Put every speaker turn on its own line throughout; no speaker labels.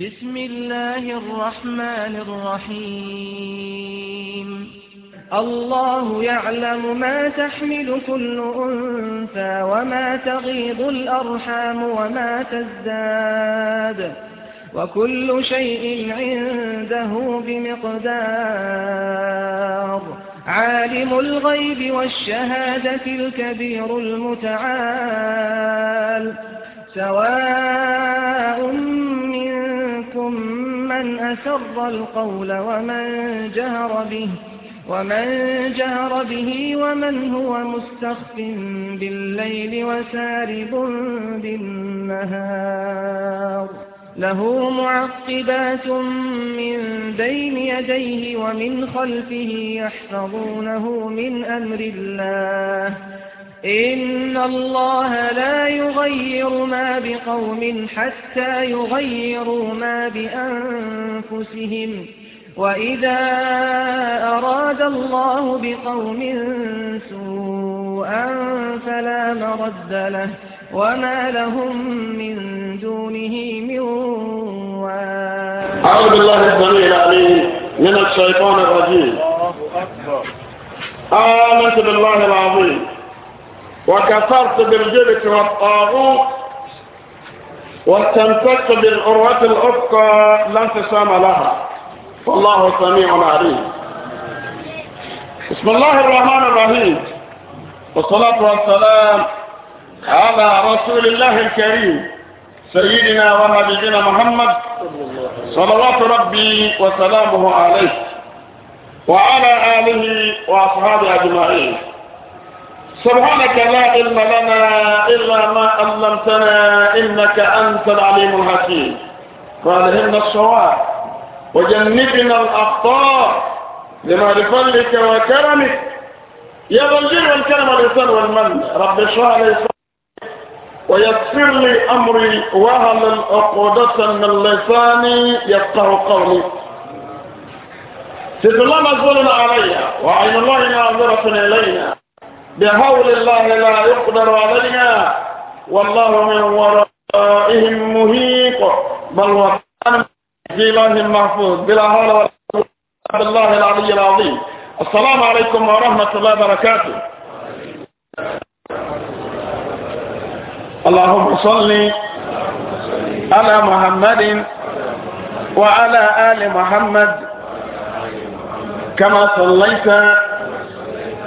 بسم الله الرحمن الرحيم الله يعلم ما تحمل كل أنثى وما تغيض الأرحام وما تزداد وكل شيء عنده بمقدار عالم الغيب والشهادة الكبير المتعال سواء من مِنْكُمْ من أسر القول ومن جهر به ومن جهر به ومن هو مستخف بالليل وسارب بالنهار له معقبات من بين يديه ومن خلفه يحفظونه من أمر الله إن الله لا يغير ما بقوم حتى يغيروا ما بأنفسهم وإذا أراد الله بقوم سوءا فلا مرد له وما لهم من دونه من وال
أعوذ بالله السميع العليم من الشيطان الرجيم آمنت بالله العظيم وكفرت بالجبت والطاغوت واستمسكت بالعروة الأفقى لا انقسام لها والله سميع عليم بسم الله الرحمن الرحيم والصلاة والسلام على رسول الله الكريم سيدنا ونبينا محمد صلوات ربي وسلامه عليه وعلى آله وأصحابه أجمعين سبحانك لا علم لنا إلا ما علمتنا إنك أنت العليم الحكيم فألهمنا الصواب وجنبنا الأخطاء لما لفضلك وكرمك يا ذا الجر والكرم والإحسان والمن رب اشرح لي ويسر لي أمري وهل العقودة من لساني يفقه قولي الله ظلام عليها وعين الله ناظرة إلينا بحول الله لا يقدر عليها والله من ورائهم مهيق بل وكان في الله المحفوظ بلا حول ولا قوة بالله العلي العظيم السلام عليكم ورحمة الله وبركاته اللهم صل على محمد وعلى آل محمد كما صليت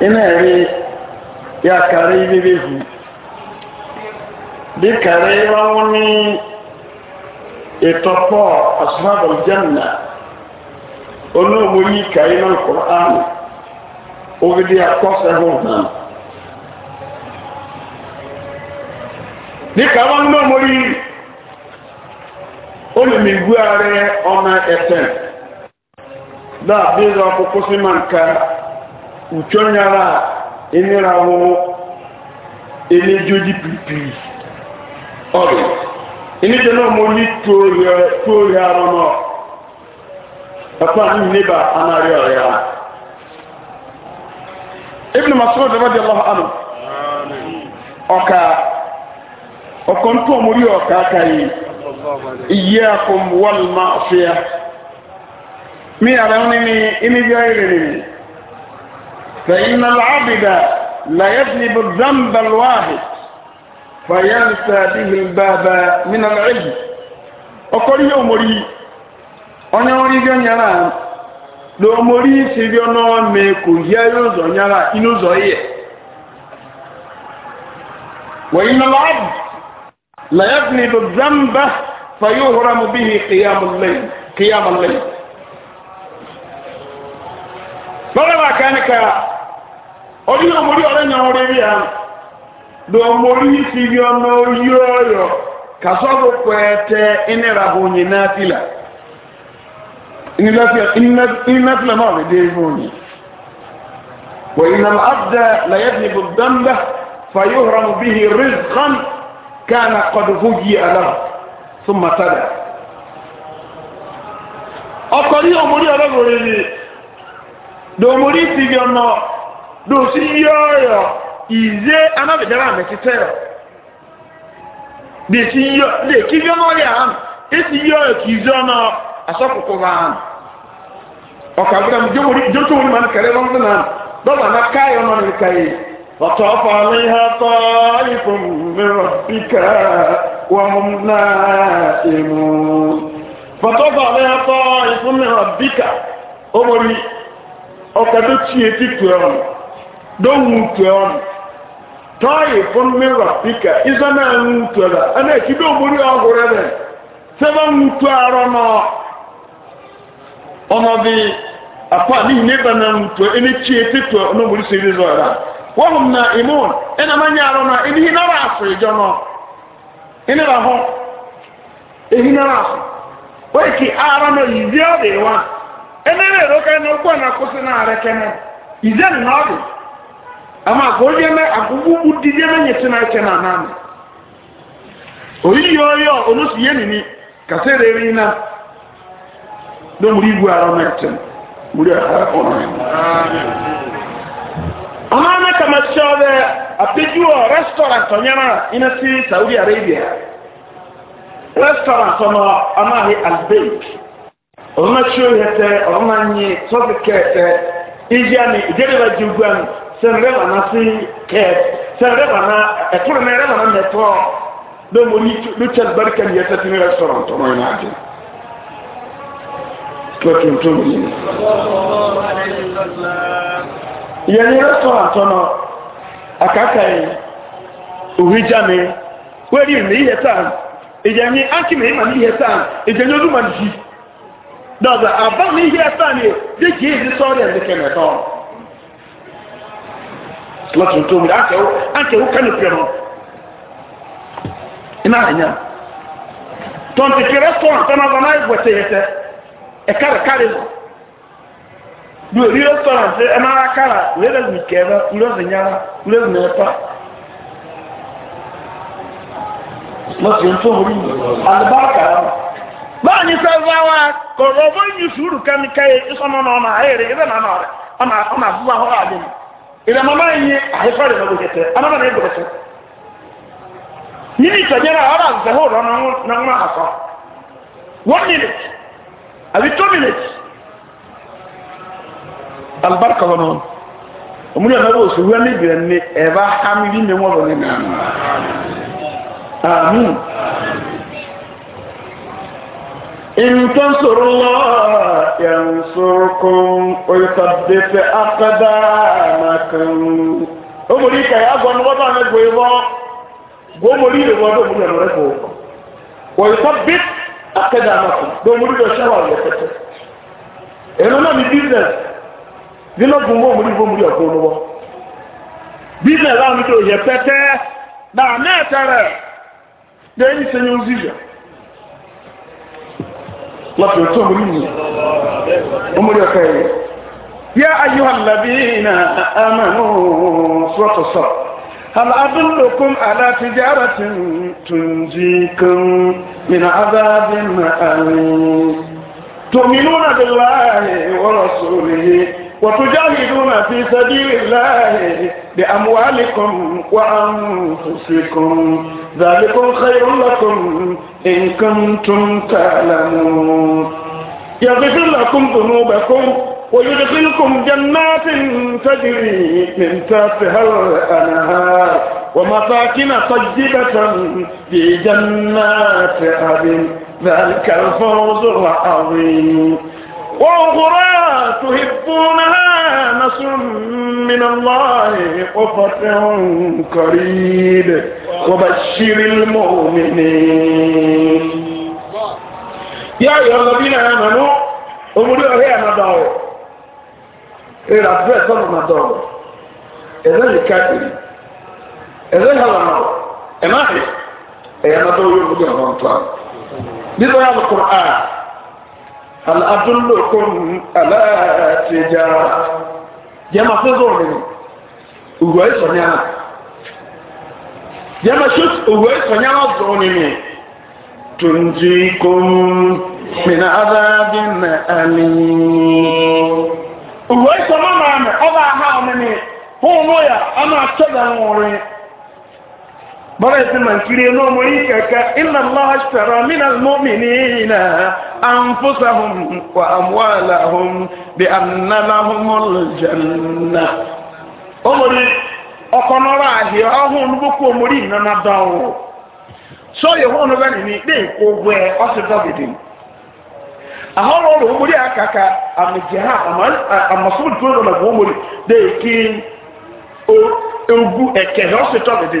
ina ẹ̀rí ya kàrí bíbí hù bí kàrí wọ́n ní ìtọ́pọ̀ asùnmọ́bọ̀ jẹ́mìnà olóòwò yìí kàrí náà kọ̀ áàmù ògidì akọ́sẹ̀ hù náà bí kàrí wọ́n ní ọmọ yìí olùmìgbú ààrẹ ọmọ ẹ̀fẹ́ na bizo akwụkwọ si ma nka ucho nyara enyere ahụ elejo ji pipiri ọrị enite na ọmụ ni tuo ohi arụ nọ ẹkwa n'ihi n'ebe anarị ọrịa ibn masud radiyallahu anụ ọka ọkọ ntụ ọmụri ọka aka yi iyakum wal ma'siyah mi alaunini ini jairini فإن العبد لا يذنب الذنب الواحد فينسى به الباب من العلم أقول يوم لي أنا أريد أن يرى لو مري سيدنا ميكو يايوز أن يرى إنو زوية وإن العبد لا يذنب الذنب فيهرم به قيام الليل قيام الليل bọ́rẹ̀ wà kánìkà orí ọmọrí ọ̀rẹ́ yàn orí rí à lọ mọ̀rí sí ibi ọmọ orí ọ̀yọ̀ kàsọ́bù pẹ̀ẹ́tẹ́ ìnirabò yìí náà fìlà ìnirafìlà máa rẹ̀ dé ìfún yìí وإن العبد لا يذنب الذنب فيهرم به رزقا كان قد فجئ له ثم تدع أقريهم لي أنا domori ti yɔ nɔ dosi yɔɔyɔ ize anabijara ame titɛ yɔ desi yɔ de kiyɔ nɔ yɛ hàn esi yɔɔyɔ kizɔ nɔ asɔkoko ba hàn ɔkabira mu jomori jotowori ma kɛrɛ lɔn fana dɔba na ka yɔ nɔ ne ka ye ɔtɔ fani ha tɔ ifom mɛrɛ pika wɔn na emu ɔtɔ fani ha tɔ ifom mɛrɛ pika omori ọkàdó tí etí tu ẹ̀ wọn dóhùn tu ẹ̀ wọn tọ́yì fún mìíràn píkà ìsọ náà ń tu ẹ̀ la ẹ̀nà èkì bí òmùrí ọ̀húnrẹ́ rẹ̀ sẹ́fẹ̀ ń tu àárọ̀ náà ọmọ bí apá ní ìníbà náà ń tu ẹ̀ ẹni tí etí tu ẹ̀ ọ̀nà òmùrí sí ìrísọ ẹ̀ la wọ́n hùn náà ìmú ẹ̀nà máa ń yẹ náà ẹni hìnnà rà àfọ̀ ìjọ náà ẹni rà họ́ ẹhìnnà enere eroka na ụgbọ na akwụsị na arekene ize na ọdụ ama ka onye me agụgbugbu dịdị eme nyesi na eche na naanị oyiyi oyi onusi ihe nini kasị rere na lomuri igwe arụ na eche muri ahara ọnụ ọmọ ana kama sọ ọbẹ apejuọ rẹsítọrant ọnyana ina si saudi arabia rẹsítọrant ọmọ ọmọ ahị albeik ọmọ tiro yẹ tẹ ọmọ anyi sọfi kẹtẹ ìdí àmì ìdílé bá ju gbàm sẹnrẹ bà ná sí kẹt sẹnrẹ bà ná ẹtọrọ náà ẹrẹ bà ná mẹtọ lọmọ ní lùtẹl barika ni yẹ tẹ tí ní rẹsítọrọnt ọmọ yẹn náà dé
tó tuntun yìí. yẹn ní
rẹsítọrọnt ọ̀nà àkàkà yìí òhì já mi wẹ́ẹ́rì mi yẹ tán ìjẹ́ ní ákìmì ìmà mi yẹ tán ìjẹ́ ọdún mà nìyí dɔbɛ aba mi yi ɛta ni de kye yi sɔɔri ɛdi kɛmɛ tɔ lɔtun tó mi akɛ wo akɛ wo kanu pɛ no ina anya tɔnti e e kere sɔn tɔnaba n'ayi gbɛtɛ yɛ tɛ ɛkari kari no do eri restaurant ɛna akara wuli ɛdi mi kɛmɛ wuli ɛdi nyara wuli ɛdi mi ɛpa
lɔtun tó mi alibarika yɛ no.
báyìí sẹ́fà kọrọ kọ̀rọ̀ ọmọ yìí sùúrù kẹ́míkẹ́yì ìsọ̀nà náà ọ̀nà ayèrè ibẹ̀ náà náà na ọ̀nà àbúrò ahọ́rọ̀ àdé mi ìrẹ̀mọ̀ náà yẹ àhẹ́fẹ́ rẹ̀ lọ́wọ́ jẹ́tẹ̀ anábà náà ẹgbẹ̀rẹ̀ sẹ́ yìí ìtẹ̀jẹ́rẹ́ ọ̀rọ̀ àgbẹ̀hó rọ̀ náà wọn àkọ́ one minute àbí two إن تنصروا الله ينصركم ويثبت أقدامكم أمري كي أقوم وضع نجويضا قومري لغوضا من يمركو ويثبت أقدامكم قومري لشرع يكتب إنه نمي بيزنس dínà gùn mọ́ òmùrí fún òmùrí ọ̀kọ́ olówó bíbẹ̀ láwọn ìjọ yẹ pẹ́tẹ́ náà mẹ́ẹ̀tẹ́rẹ̀ lẹ́yìn sẹ́yìn òzìzẹ̀ láti ọ̀tọ́ mi nìyí ọmọ rẹ̀ ọ̀kẹ́ yìí. يا أيها الذين آمنوا سورة الصف هل أدلكم على تجارة تنجيكم من عذاب أليم تؤمنون بالله ورسوله وتجاهدون في سبيل الله بأموالكم وأنفسكم ذلكم خير لكم إن كنتم تعلمون يغفر لكم ذنوبكم ويدخلكم جنات تجري من تحتها الأنهار ومساكن طيبة في جنات عدن ذلك الفوز العظيم وأخرى تحبونها نصر من الله وفتح قريب وبشر المؤمنين يا أيها الذين آمنوا أمروا هي ندعو إلى أدرس أنا ندعو إذا الكافر إذا هذا أنا أنا أنا ندعو يوم القيامة نطلع بضياء القرآن هل أدلكم على تجارة جمع فزور مني uwe sonyama jama shus uwe sonyama zoni ne tunjikum min azabin alim uwe sonyama me oba ha omene ho moya ama chega nwore bọ́lá ìsìn máa ń kiri inú ọmọ yìí kẹ̀kẹ́ iná lọ́wọ́ ṣẹ̀rọ mínà mọ́mìnì iná àǹfọ́sàhùn wà àmúhàlàhùn bí ànàláhùnmọ́lùjẹ̀nà. ọmọdé ọkọ̀ nọ́rọ̀ àhì ọ̀hún olúbókú ọmọdé iná náà dán bẹ́ẹ̀ àhọ́rọ̀ ọ̀rọ̀ àkàkà ha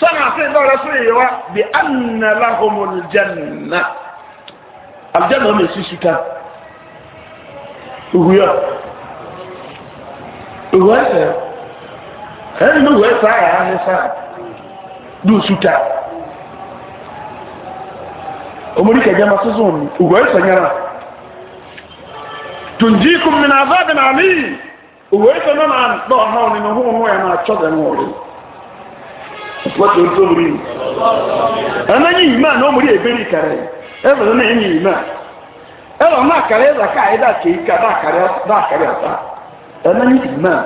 sọ́nà àti ìdọ́rẹ́ sí ìyẹ́ wa bí anna lahum
aljanna
aljanna wọn èsì sika ìwúyọ ìwú ya ẹni ní ìwú ẹsẹ
ayà ahẹ sáà
dùn sika omori kẹjẹ ma soso mi ìwú ẹsẹ nyara tunjikum min na ali nọ na
wọ́n tó ń tó múrí mi ẹ̀mẹ́
yìí yìí máa ní ọmọdé ìbéèrè ìkàrẹ̀ ẹ̀fẹ̀ lọ́nà ẹ̀yìn yìí máa ẹ̀rọ náà kàrẹ̀ ẹ̀dà ká ẹ̀dà kìí ká bá kàrẹ̀ àtà ẹ̀mẹ́ yìí yìí máa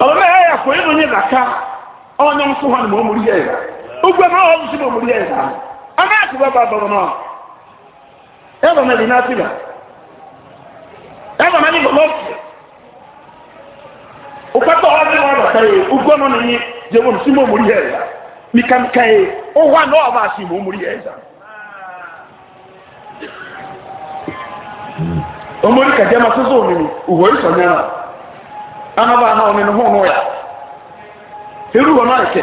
ọ̀rọ̀ ẹ̀ yà ẹ̀rọ ní ìdàká ọ̀nyọ́ fún wọn ní ọmọdé yẹ̀ ukata ɔdi wa ba ka ye ugbɔ no ni jɛwɔ nusi mo muri yɛ ya mi kan ka ye o wa n'o ba si mo muri yɛ ya o muri ka jɛma soso o nini o wo isɔ nyɛ na ana ba na o nini ho n'o ya eru wɔ n'o yɛ kɛ.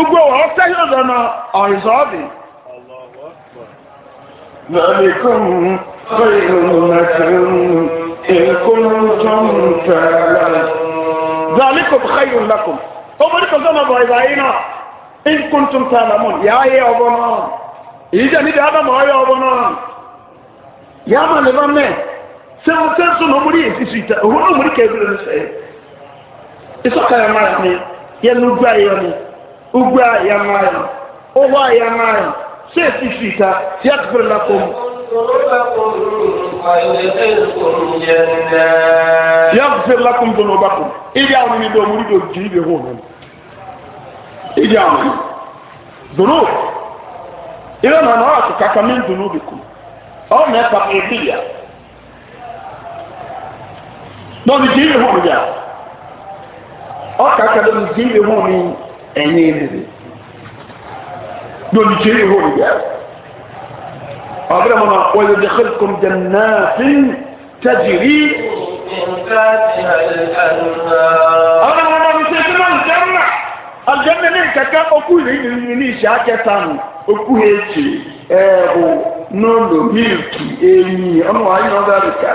ugbo wa ọtẹ́yìn ọ̀dọ̀ na ọ̀rìṣọ́ ọ̀bì.
Màmíkùn
fẹ́yìnmọ̀tún ìkúntún tẹ̀lá. Zàlíkùn fẹ́yìn lakum. Ó mọ̀ nípa sọ́nà bọ̀ ìgbà yìí náà. Ìkúntún tẹ̀lá mọ̀ yà á yẹ ọbọ náà. Èyí jẹ́ níbi Ádámù ọ̀yọ́ ọbọ náà. Yà á mà lè bá mẹ́. Sẹ́wọ́n sẹ́sùn ní omúrí èsì sùn ìta. Òhun ní omúrí kẹ́ẹ́ bí lónìí sẹ́yìn. Ìsọ̀kà yẹn máa ní yẹn ló gbá yẹn ni. ugbu a ya maanyị ụgbọ a ya maanyị seeti fita yakpere na kom yakpere na
kom dọrọ ọba kom
ịdị ahụ mmiri
dọrọ mmiri dọrọ jiri ibe hụ ọnụ ịdị ahụ dọrọ ịrịọ na ọ akụ kaka mmiri dọrọ obi kom ọ na-epa ebi ya dọrọ jiri ibe hụ ọnụ ya ọ kaka dọrọ jiri ibe hụ ọnụ ya ẹ̀yìn ìlú lórí tí ìhó ni yẹ ọ̀bẹ̀rẹ̀ mọ́nà wọ́yọ̀ dẹ́kẹ́lẹ́kùn jẹ̀nàfin tẹ́jìrí ọ̀bẹ̀rẹ̀ mọ́nà mi ṣe tí wọ́n jẹ́ mọ́ àjẹ́mẹ́ ní kẹ́kẹ́ okú ìlú ní ìṣẹ́ akẹta okú èjì ẹ̀rù nọ́ọ̀lù mílìkì èyí ọmọ ayé náà dáríkà.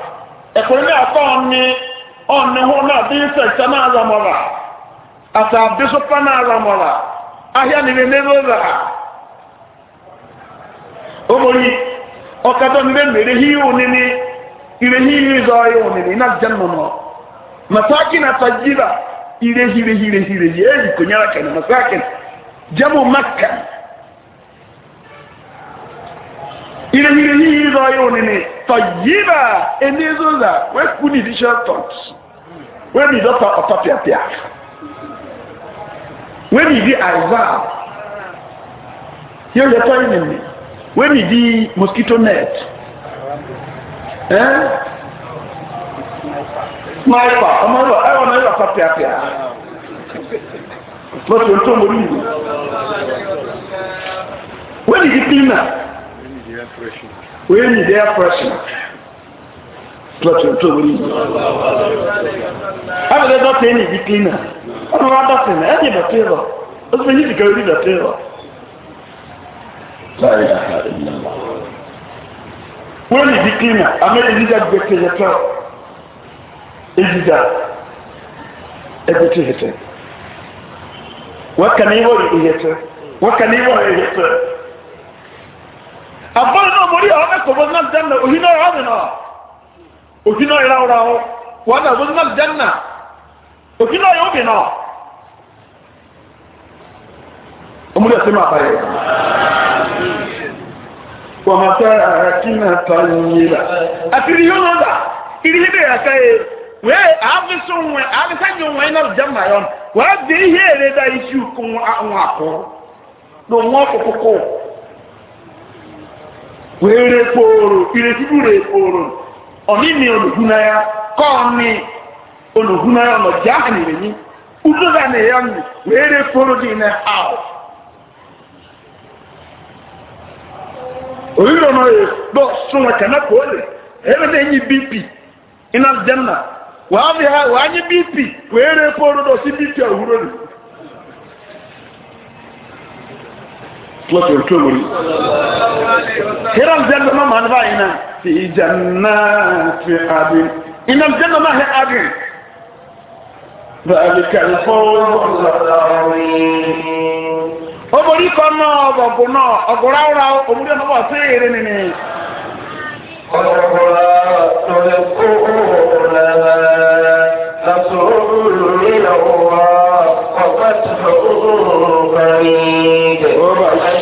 ekuru na akɔ ɔne ɔne ho na adi nsa nsa na azamɔra asaade so pa na azamɔra ahia ne ne nebe ra omori ɔkata ne mmeri hi onini irehi iri zɔ ayi onini na gyan nono masaki na tajira irehi irehi irehi irehi eyi konyara kɛnɛ masaki jamu makka. irehire yìí lọ yóò nínú tọ yìí bá ẹni ẹzọza wẹ́n kú ní ìdíṣẹ́ tọ̀t wẹ́n ní dọ́tà ọ̀tọ̀ pìàpìà wẹ́n ní ìdí àìsà yóò yẹ tọ́ ìnìyàn mi wẹ́n ní mosquito net ẹ́ eh? sniper ọmọ ẹ̀rọ ẹ̀rọ náà yóò ọ̀tọ̀ pìàpìà lọ́sọ̀ọ́ cleaner wọ́n yìí dẹ́ fẹ́ṣin plọ̀tún tó wọ́n Have they not any nìyí cleaner ọ̀nà wọn dọ́tẹ́ náà ẹ̀yẹ dọ́tẹ́ rọ̀ ó sì fẹ́ yìí dìgbà orí dọ́tẹ́ rọ̀. wọ́n yìí di cleaner àmọ́ èyí dá gbẹ̀tẹ̀ yẹn tọ́ èyí dá ẹgbẹ̀tẹ̀ yẹn tẹ́ wọ́n kàn ní wọ́n yìí yẹn tẹ́ wọ́n kàn ní wọ́n yìí yẹn àbọ̀n náà mo a ọ ẹ̀kọ́ bọ́ náà jẹ́nà òhìn náà rọ́ọ̀dì náà òhìn náà ìlà ọ̀rọ̀ ọ̀ wọ́n náà bọ́ náà jẹ́nà òhìn náà yóò bì náà. ọmọdé ẹsẹ máa báyẹ. wọ́n máa tẹ́ àkínà tàyè rà. àtìrí yóò náà dà ìrírí bẹ̀rẹ̀ àká yẹ wẹ́ẹ́ àáfíìsì òun àáfíìsì òun ẹ̀ náà jẹ́nà yọ̀ wọ́n á dé ihe èrè wee rekpooro iretubu rekpooro ọmịmị onuhunaya na ya ọnọdụ ahụ nyere nyi udoza na ya nri wee rekpooro dị na ahụ oyiri ọnọ ya dọ sụnwa kana ka o le ebe na enyi bp ịna janna wee abịa wee anyị bp wee rekpooro dọ si bp ọhụrụ lọ́tọ̀ tó wọ́n yìí. hiram jẹ́nu ma màá báyìí náà fi jẹ́nà fi àbí iná jẹ́nu ma hẹ́ àbí. bàbí kẹlifọ́ obìnrin kan náà ọ̀bọ̀bọ̀ náà ọ̀gọ̀rọ̀ awúrà òmùdé ọ̀nà bọ̀ sí èrè nìní.
ọ̀gọ̀rọ̀ tọ̀lẹ̀ kó lẹ́lẹ́ lásòrò ìlà wà ọ̀pẹ̀ tó ń bẹ̀rẹ̀.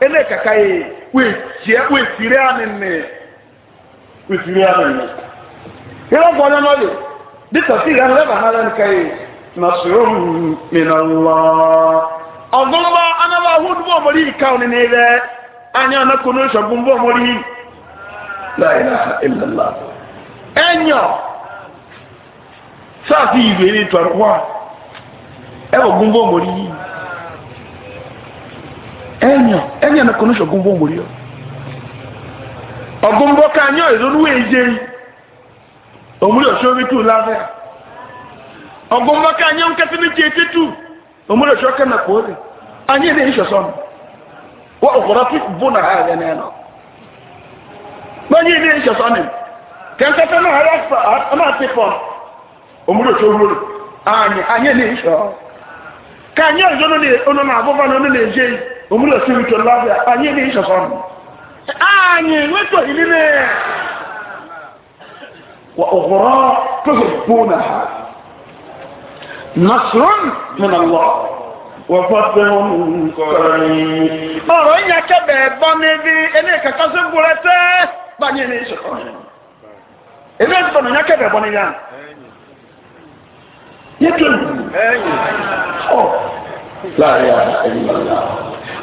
ene kaka ye wetiri anene wetiri anene yẹlẹ bọ ọdọ n'ọyọ dika si ìyá rẹ bàbá rẹ nìka ye nasoro minalọ ọgbọnba anaba ahudu bọ ọmọdé yìí káwọn nínú rẹ anyi anako ní oṣogun bọ ọmọdé yìí
láyìnà ìlànà
ẹnyọ sáà sí ìwé ní tọrọ wa ẹ gun bọ ọmọdé yìí. enyo enyo na kono shogumbo mulio ogumbo kanyo iruruwe eje omulio shobi tu lave ogumbo kanyo nkati ni chete tu omulio shoka na kore anye ne isho son wa ukhrafi buna hada neno banye ne na son kan ka tana hada ana tepon omulio na òmùlò sí ìwìtò lábẹ́ ayé ní ìṣọ̀kan ààyè lẹ́tọ̀ ìlú rẹ̀ wà ọ̀họ̀rọ̀ tó sì gbóná nasrun min allah wà fọ́tẹ́
nkọrin
ọ̀rọ̀ ìyá kẹ́bẹ̀ bọ́ níbi ẹni kàkà sí gbúrẹ́ tẹ́ báyé ní ìṣọ̀kan ẹni ìṣọ̀kan ìyá kẹ́bẹ̀ bọ́ níbi yẹ́tọ̀ ìlú ọ̀
láàrin àti ẹni bàbá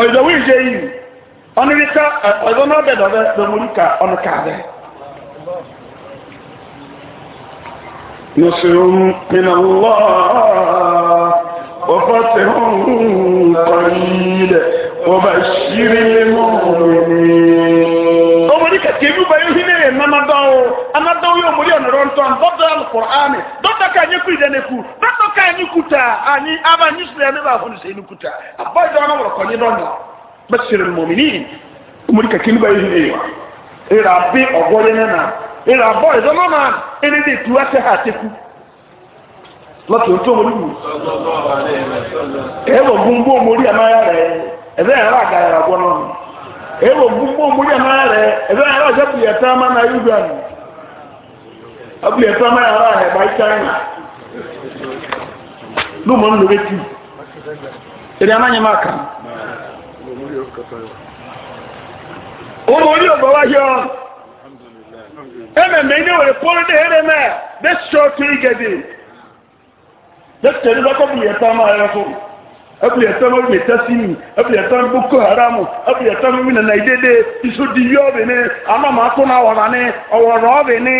ọ̀yọ̀dọ̀ wí ìṣe yìí ọ̀nìríkà ọ̀yọ̀dọ̀ náà bẹ̀ dọ̀bẹ̀ dọ̀mọ̀ríkà ọ̀nùkà bẹ̀. nùsùrùm pinàlọ́ ọ̀fọ̀tẹ̀hún kọ̀ọ̀yìn rẹ̀ ọ̀bà ṣírí kebuba yohine ye nanadawo anadawo yo muri onoronton dodo alqur'ani dodo ka anyi kuida ne ku dodo ka anyi kuta anyi aba nyi sile ne ba honu sey kuta abajo na woro konyi dondo bashir almu'minin muri ka kebuba yohine ye era bi ogore ne na era boy do no na ene de tu ate ha te ku lati o to mo lu
sallallahu alaihi wasallam e wo gumbo
mo ri amaya re e ara ga ra gbono ewo gbogbo omuli amaare ebe a ọjọ buliyata ama na ya
abuliyata ya. ara ahẹ ba china lumo nnu beti
ede amanya ma kan omuli ahịa yọ ememme ndị were pụrụ dị here mee desịchọ otu igedi desịchọ ndị bakọ buliyata ama ara fụrụ abiyatan wani mai tasiri abiyatan boko haram abiyatan wani na naidede iso di yi ọbẹ ni ama ma tó na wọra ni ọwọrọ ọbẹ ni.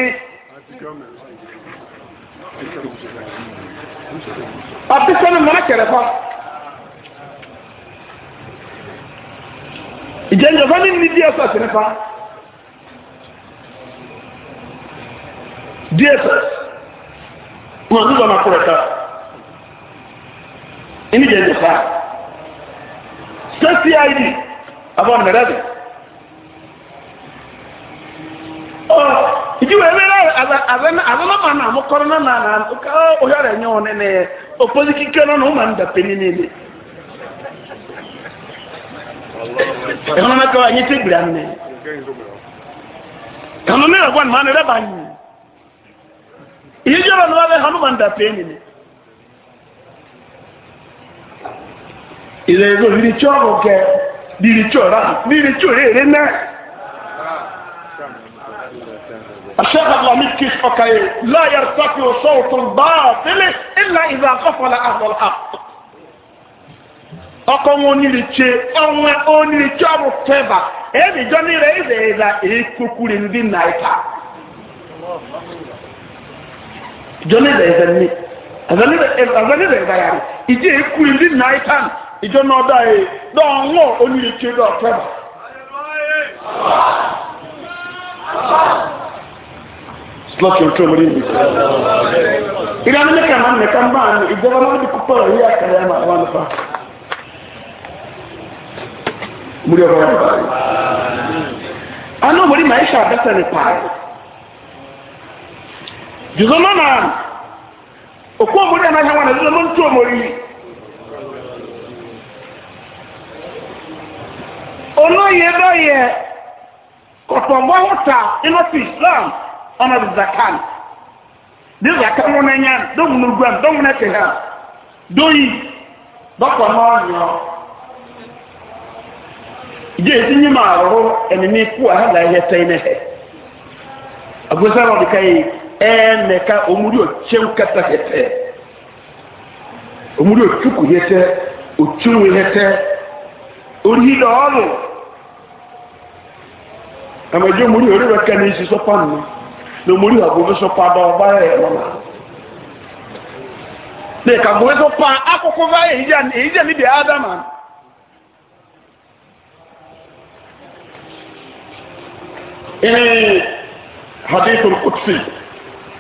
abisani mana kẹrẹ fa. ìjẹnjẹfa ni ní díẹ sọ sini fa. díẹ sọ wọn ní wọn akọrọ ta. ini je ne fa sesi aidi abon merade oh ijiwe mere azana azana mana mo korona na na ka o yare nyo ne ne opposite keno no man da peni ne ne
ẹ̀họ́n náà kọ́ ẹ̀yìn tí gbìyà ní
kànú ní ọgbọ́n máa ní rẹ́bà yìí ìyíjọ́ lọ́nà wọ́n rẹ̀ ìrẹ̀lú ìrìntsọ ọ̀gẹ̀ ìrìntsọ rà ìrìntsọ rèé nẹ. الشيخ عبد الحميد كيس حكاي لا يرتفع صوت باطل الا اذا غفل اهل الحق ọkọ wọn onírètse ọwọn onírètse ọrùn fẹba ẹbí jọni rẹ ẹbẹ ẹdá èékókú rẹ ndí nàìta jọni rẹ ẹbẹ ní ẹbẹ ní rẹ ẹbẹ yàrá ìdí èékú rẹ ndí nàìta nù. ìjọ náà dá yìí dọ́ọ̀nù onírìkì dọ́ọ̀ tẹ́lá. slọ́ọ̀tì ọ̀tún ọmọdé yìí. ìdáná ní kàmá ní kàmá ní ìjọba náà ti kúpọ̀ rẹ̀ yí àkàrà ẹ̀ máa wà nípa.
múlẹ̀ ọ̀rọ̀ rẹ̀ báyìí.
àná ṣe àbẹ́sẹ̀ ní parí. jùzọ́ náà nà òkú ọmọdé àná ṣe wọn àdúgbò ló ń tún olóyè lóyè kọ̀tọ̀gbọ́ wọ́ta inú ti islam ọ̀nà zakan bí zakan wọn ẹ̀yà dóhùn ugbọ́n dóhùn ẹ̀tẹ̀ ha dóyì dọ́kọ̀ náà yọ ìdí èsì yìí na rọ ẹ̀mí ní kú àhàlà ẹ̀yẹ tẹ́ iná ẹ̀ agbésẹ́rọ̀ ọ̀dìkà yìí ẹ̀ẹ́nẹ̀ka òmùdí òkyẹ́wò kẹta hẹtẹ òmùdí òtúkù ẹmọdé omori orí rẹ kẹ ní isi sọpá nù ní omori àgbòfé sọpá bá ọba ẹ mọmọ ní ìkàgbòfé sọpá akókó bá èyí jẹ níbi ádámà ìní hadith al-qudsi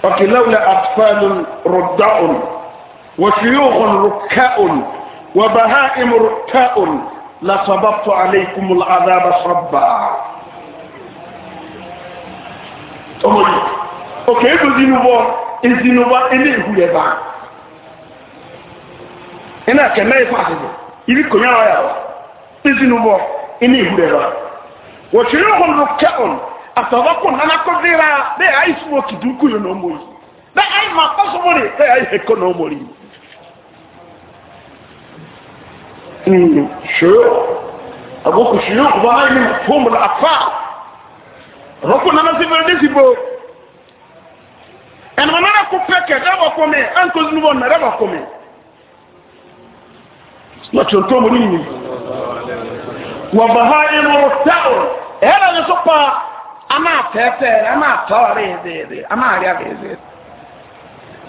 ọkì lawla atfal rudda'un wa shuyukhun rukka'un wa baha'im rukka'un la sababtu alaykum al-adhaba sabba ọmọ yìí òkè èdò zinubọ ezinubọ ẹni ìhù yẹ bá ẹni àkẹmẹ yìí fàá sílẹ ibi kò nyà ọyà wa ezinubọ ẹni ìhù yẹ bá wọ́n ti rí ọ̀hún ló kẹ́ ọ̀n àtọ̀wọ́ kò nana kó dira bẹ́ẹ̀ ayé sùnwó kìdúkú yìí nà ọmọ yìí bẹ́ẹ̀ ayé màá kọ́ sọ́mọ́ rẹ̀ bẹ́ẹ̀ ayé ẹ̀kọ́ nà ọmọ yìí. ṣòro àbókù ṣòro ọba ayé mi fún mi àfáà rɔpo nana se fɛrɛ desi bo ɛnuma nana ko pɛ kɛ ɛdɛ bɔ kɔmɛ an ko zunu bɔ nɛrɛ bɔ kɔmɛ lɔtɔn tó mo ni yin wa baha ɛnuma taw ɛyɛlɛ ne so pa ana tɛɛtɛ ana taw ale ye zeere ana ale ale ye zeere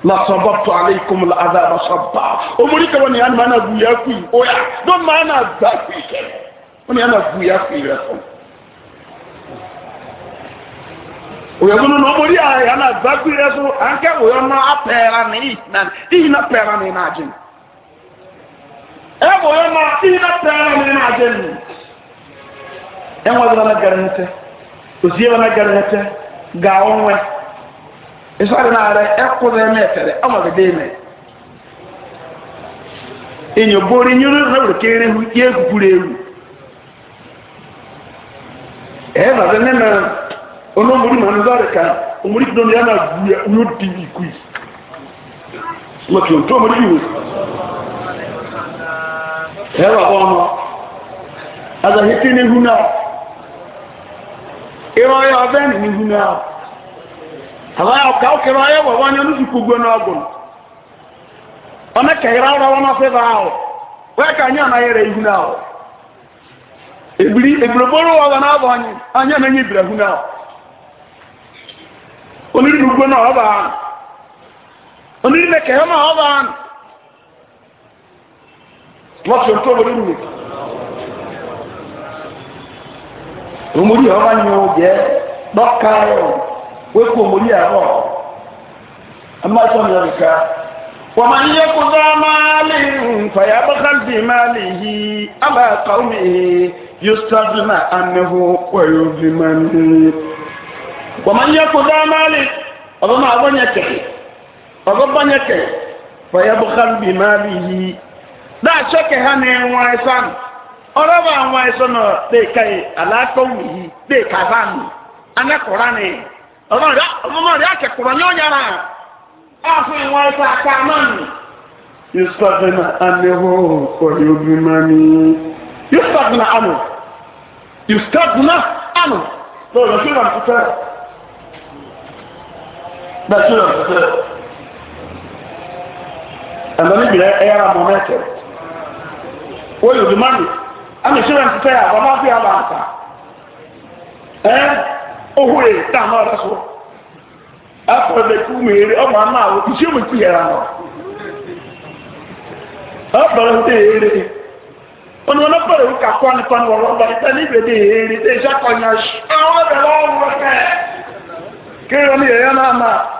lasɔbɔtɔ ale komi la aza lasɔba o mori kaba nin anuma na guya kui o ya don maa na gba kui kɛ o ni ana guya kui yɛrɛ fɔ. oyagunu na omori a ya na zakuri ezu anke oyo na apera ni na na pera ni na ajin e na ihi na pera ni na ajin e na garante na garante ga onwe e na are e na e me tere ama be de bori na wuri hu ewu na de ono muri manzare ka muri kidoni yana guya uyo tv quiz makyo to muri biwo hewa ono aza hitini huna ewa ya ben ni huna aba ya ka ke ba ya wa wanya nusu kugwe na agun ona ka ira ora wana fe ba o wa ka nya na yere huna o ebiri ebiri boro wa na abanye anya na nyi bira huna o onírúurú na ọba onírúurú náà ọba lọ́sọ̀ tó wọlé rú omori ọba nyɛ ɔjɛ dɔka yɛ wekò omori ɛhɔ ama sɔn yɛ nka wɔn ani yɛ kó dá maali nfaya yi aba kaw mi yusuf na anahu wayo bi ma ومن يكن ذا مال أظن أظنك أظنك فيبخل بماله لا شك هني وعسان ọlọ́wọ́ àwọn ẹ̀sọ́nà lèkà aláàkọ́wìyí lèkà sáàmù
anákọ̀ọ́rá ni
ọmọ rẹ̀ akẹ́kọ̀ọ́ ní ọ̀nyára àfún ìwọ̀n ẹ̀sọ́ bẹ́ẹ̀ tó yọ̀ ẹ̀mọ́ níbi rẹ̀ ẹ̀yà rà mọ́ mẹ́tẹ̀ wọ́n yóò dùnmá mi àmì ìṣẹ́rẹ̀ ti tẹ́ àbọ̀ máa fi àbà àtà ẹ̀ ohun èyí dáná ọ̀rẹ́ sọ afọ ẹ̀bẹ̀ kú mi èrè ọmọ àmà àwọn iṣẹ́ mi ti yẹra nọ ọ̀bẹ̀rẹ̀ ń dé èrè ọ̀nà wọn bẹ̀rẹ̀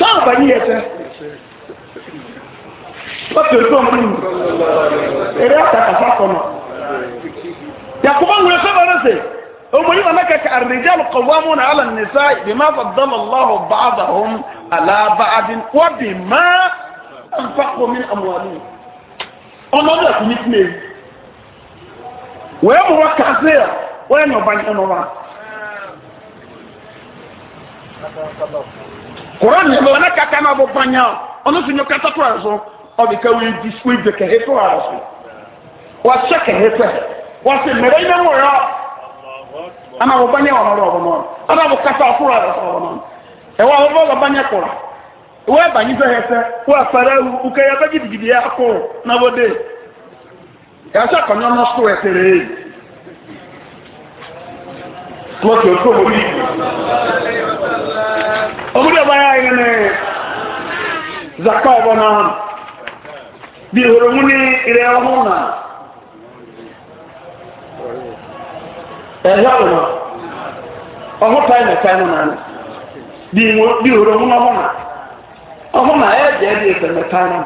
صعبة دي يا شاهد بس يلقون مني رياتك فاطمة يقولون يا شاهد نفسي هم يقولون لك الرجال قوامون على النساء بما فضل الله بعضهم على بعض وبما انفقوا من اموالهم ọmọ ọdún ẹ̀kún ní kílé wọ́n mú wa kàásẹ̀ ẹ̀ wọ́n yẹn ní ọba ní ọmọ wa. koran ni wọn kaka na bɔ panya ɔno so nyɔka tɔtɔ a so ɔbi ka wɔn di so edwa kɛhɛ tɔ a so wɔahyɛ kɛhɛ fɛ wɔahyɛ mɛrɛ yi na mo yɛ ana bɔ panya wɔn ɔbɔ nɔn ana bɔ kasa ɔkoro a so ɔbɔ nɔn ɛwɔ ɔbɔ bɔ panya kora ɛwɔ abanyi fɛ hɛfɛ wɔ afara awu uka yɛ bɛ gidigidi yɛ akoro na bɔ de yɛahyɛ akɔnyɔ no so ɛtere. Mo ti o tó mo ní ọmọdé ọba yà yẹn ní zaka ọbọ náà bí ìhòòrò mu ní ilẹ̀ ọhún náà ẹ̀yà ọ̀nà ọhún táyì nà táyì nà nà bí ìhòòrò mu náà ọhún náà ọhún náà ẹ̀ jẹ́ bí ìfẹ̀ nà táyì nà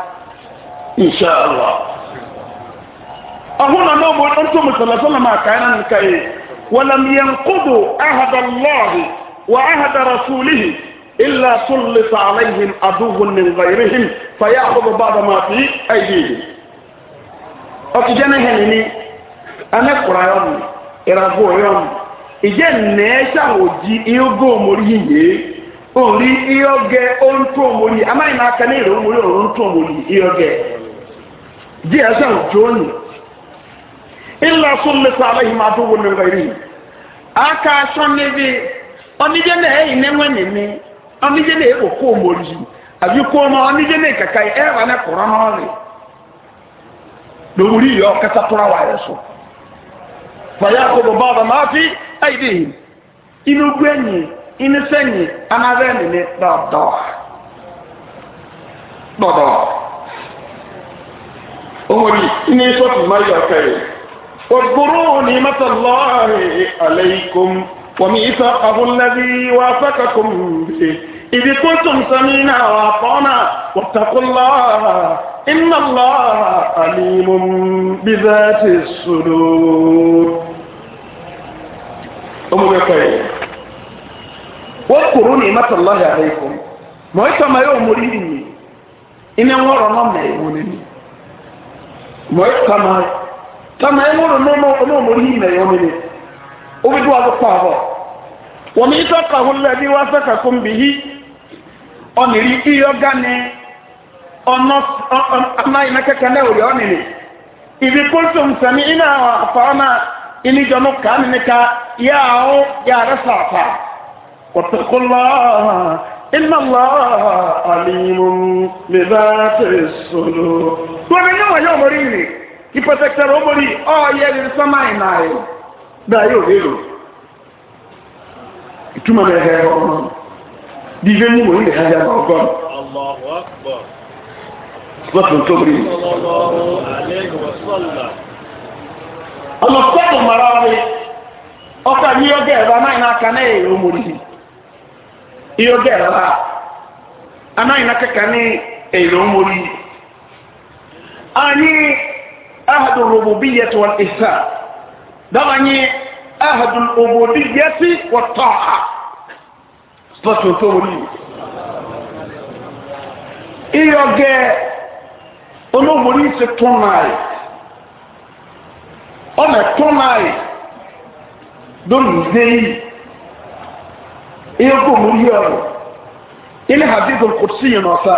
inṣàlá
ọhún náà náà mo ntọ́ mo sọ̀rọ̀ sọ́nà náà nìkan yìí wọ́n lọ́mú yẹn kódò ahadà lọ́ọ̀hì wọ́n ahadà rasulihi. إلا سلط عليهم عدو من غيرهم فيأخذ بعض ما في أيديهم أتجانا هنني أنا قرآن إرافو يوم ìjẹ́ nẹ́ẹ́sà òjì iógó omori yìí orí iógẹ ontó omori amáyìnbá kaná èrè omori òrò ontó omori iógẹ jí ẹsẹ òjò ni ńlá súnmẹsà aláìhìmá àdúgbò nígbà rí aka níbi oníjẹ náà ẹyìn níwẹ̀ nìmi anigye na ebo kɔɔ mori yi abi kɔɔ na anigye na kaka yi ɛɛba eh, ne koro na ɔre lori yɛ ɔkasa tora wa yɛ so faya kodo baaba maa fi ayi de yi inu gu enyi inu sɛ enyi anabɛ nene dɔdɔ dɔdɔ omori inu sɔtu ma yɛ ɔkɛ yi wa goro ni mata aleikum. وميثاقه الذي واثقكم به إذ قلتم سمينا وأطعنا واتقوا الله إن الله عليم بذات الصدور أم يكي واذكروا نعمة الله عليكم ما يتم يوم مريني إن يمر نمنا يمونني ما يتم تم يمر نمنا يمونني obidu wa lukpa hɔ wɔn yi tɔ kahu lɛbi wa sɛ kakum bihi ɔniri iyɔ gani ɔnɔ anayi na kɛkɛ na oyɔ nini ibi kultum sami ina afaana ini jɔnu kaa nini ka yaawo yaare saafa wɔtukula inna allah alimun bibaati solo. wọ́n mi ní wọ́n yọ ọmọ rí ni kí pẹ́tẹ́kítẹ́rì ọmọ rí ọ̀ yẹ́ ẹ̀rí sọ́mà ìnáyẹ̀ bá yóò lérò ìtumọ̀ mẹ́rẹ̀ ẹ̀rọ ọmọ bí ilé mú orílẹ̀ ayá bá ọgọ́
wọ́n tó rí
ọlọ́pẹ́pọ̀ mara rí ọkà ní ọgẹ́ ẹ̀rọ anáìnáka náà èrò mórí ìyọgẹ́ ẹ̀rọ anáìnáka ní èrò mórí a ní ahàdùn rububiyyah wal ihsan dabanye ahadul ubudiyati wa ta'a spato to woni onye ge ono mori o me don zei iyo ko mori yo ile hadithul qudsi na sa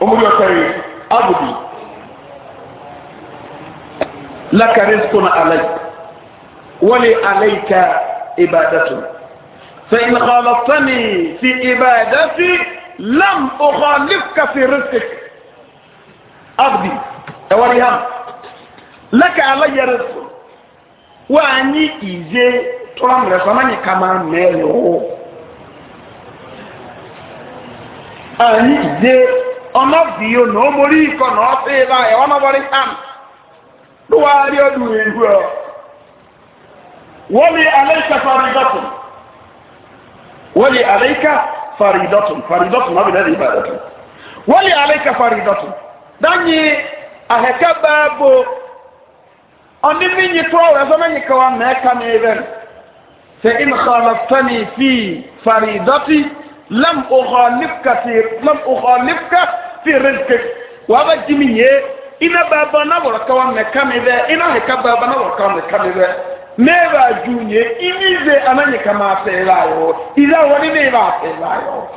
o mori yo abudi لك رزق عليك ولعليك عبادته فإن خالطتني في عبادتي لم أخالفك في رزقك أبدي أوريهم لك علي رزق وأني إيجي ترام رسماني كما ميلو أني إيجي أنا فيو نومري كنوفي لا يوانا وريهم tó wá rí ọdún ìlú ẹ̀ wọ́n lè aláìka faridọ́tún wọ́n lè aláìka faridọ́tún faridọ́tún wọ́n lè lẹ́yìn ìbàdàn wọ́n lè aláìka faridọ́tún dányé àhẹ́ká bá bo ọdún mímí tó ọ̀rọ̀ ẹ̀fọ́ mẹ́yìn kan wà mẹ́ẹ̀ka ní ẹ̀rẹ́ fẹ́ ìmọ̀kànlọ́tọ́ni fi faridọ́tì lẹ́m ọ̀họ́ nípkà fi rẹ́sìkì wàá bá jí mi yé ina baba na wara kawa me kame be ina he ka baba na wara kawa me kame be me ba junye ini ze ananye kama se la yo ila wani me ba se la yo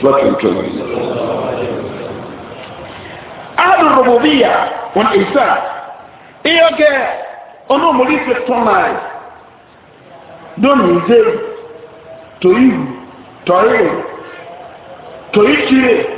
Slatin tumari.
Adu rububiya on isa. Iyo ke ono muli se tonai. Don nze toyi toyi toyi kire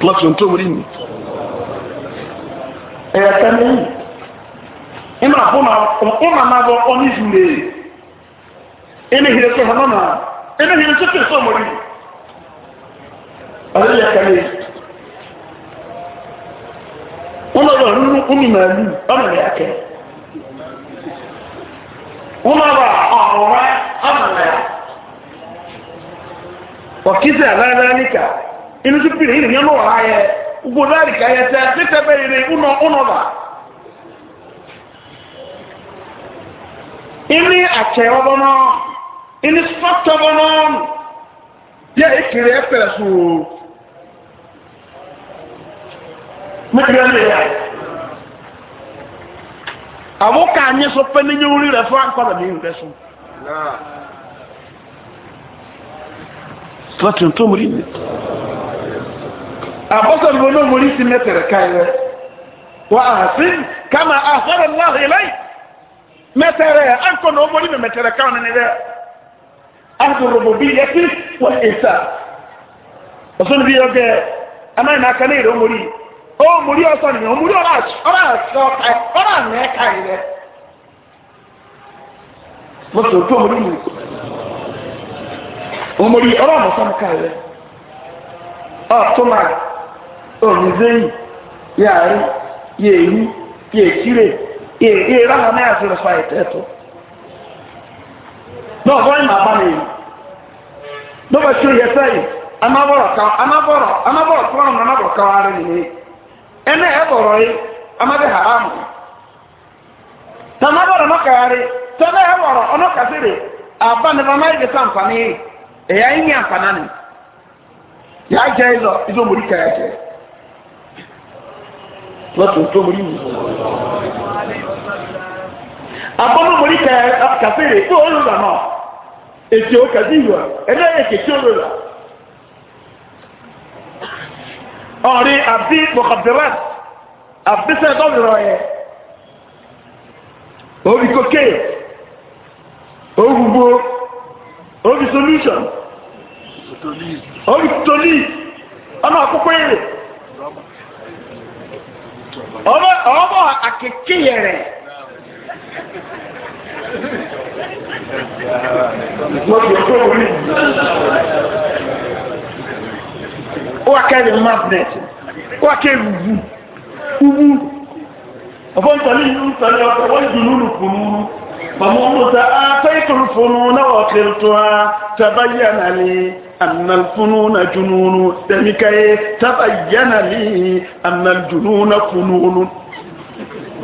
slavson tó wọlé mi ẹ̀yà tẹ́lẹ̀ yìí ìmọ̀ àbúmọ̀ na àmàbọ̀ ọ̀ní ìzùlẹ̀ ẹni hìrẹ̀ tó hàn náà ẹni hìrẹ̀ tó tẹ̀ sọ́mọ̀ rí
na yẹ tẹ́lẹ̀
wọn lọ́wọ́ nínú ụmụ màálù ọmọ ọ maara ya. Ọ ọ̀rọ̀ ọmọ rẹ̀ ọ̀kísẹ̀ àlàáfíà ka. inu ti pili hili nyɔnu wɔ ha yɛ ugbodari ka yɛ tɛ tete bɛ yiri unɔ unɔ ba ini atsɛ ɔbɔ nɔ ini sɔtɔ bɔ nɔ yɛ ekele ɛfɛ soo mekele ɛfɛ yɛ àwọn ká anyi sọ pé ní nyewuli rẹ fún akpọ̀ lẹ́mí rẹ sùn. sọ́tún tó mú rí mi abọ́sọ̀ ní wọn mọ̀ ní ti mẹ́tẹ̀rẹ̀ káyọ̀ wà á sí kama àfẹ́rẹ́ náà ìlẹ́yìn mẹ́tẹ̀rẹ̀ àkọ́ ní ọmọ ní mẹ́tẹ̀rẹ̀ káwọn ní rẹ̀ àdùrùbù bí yẹ kí wọ́n èsà ọ̀sán bí yọ gẹ́ amáyìn náà kan ní ìrọ̀ mọ̀rí ó mọ̀rí ọ̀sán ni ọmọrí ọ̀rọ̀ àṣọ ọ̀rọ̀ àmì ẹ̀ka ìrẹ́ mo sọ tó mọ̀rí mi ọmọrí ọ̀rọ̀ àmọ̀sán ká ìrẹ́ ọ̀ tó máa òmìnirí yàrí ya yèkírè ìráhà náà sí rẹ̀ fàyè tẹ́tọ́ náà bọ́ ìmọ̀ àbá ma lọ́bọ̀ tí ó yẹ sẹ́yìn amábọ̀rọ̀ kan amábọ̀rọ̀ amábọ̀rọ̀ kan ọ̀nà rẹ̀ nìyẹn ẹnẹ́ na yìí amábẹ́ haramu tàmábọ̀rọ̀ náà kàárí tọ́lá ẹ bọ̀rọ̀ ọ̀nà sá àǹfààní lọ́tún tó mú yìí. Abọ́nú mo ní kàféèrè tó ó lòlá náà. Èsì ó kàdí ìwà ẹ̀dá èkè tí ó lòlá. Ọ̀rí àbí Mùkàbdìrán àbí sẹ́dọ̀ lọ́rọ̀ yẹ. Orí kókè, òwúgbó, orí solúṣọ̀n, orí tolí. akeke yɛrɛ
wakɛri magnet
wakɛri ubu ubu ɔfɔntɔli ntɔli ɔfɔ wɔli dununu kununu famunuta afɛyitul fununa wɔkiritua tabayana ni annal fununa jununu dɛmikaye tabayana ni annal jununa kununu.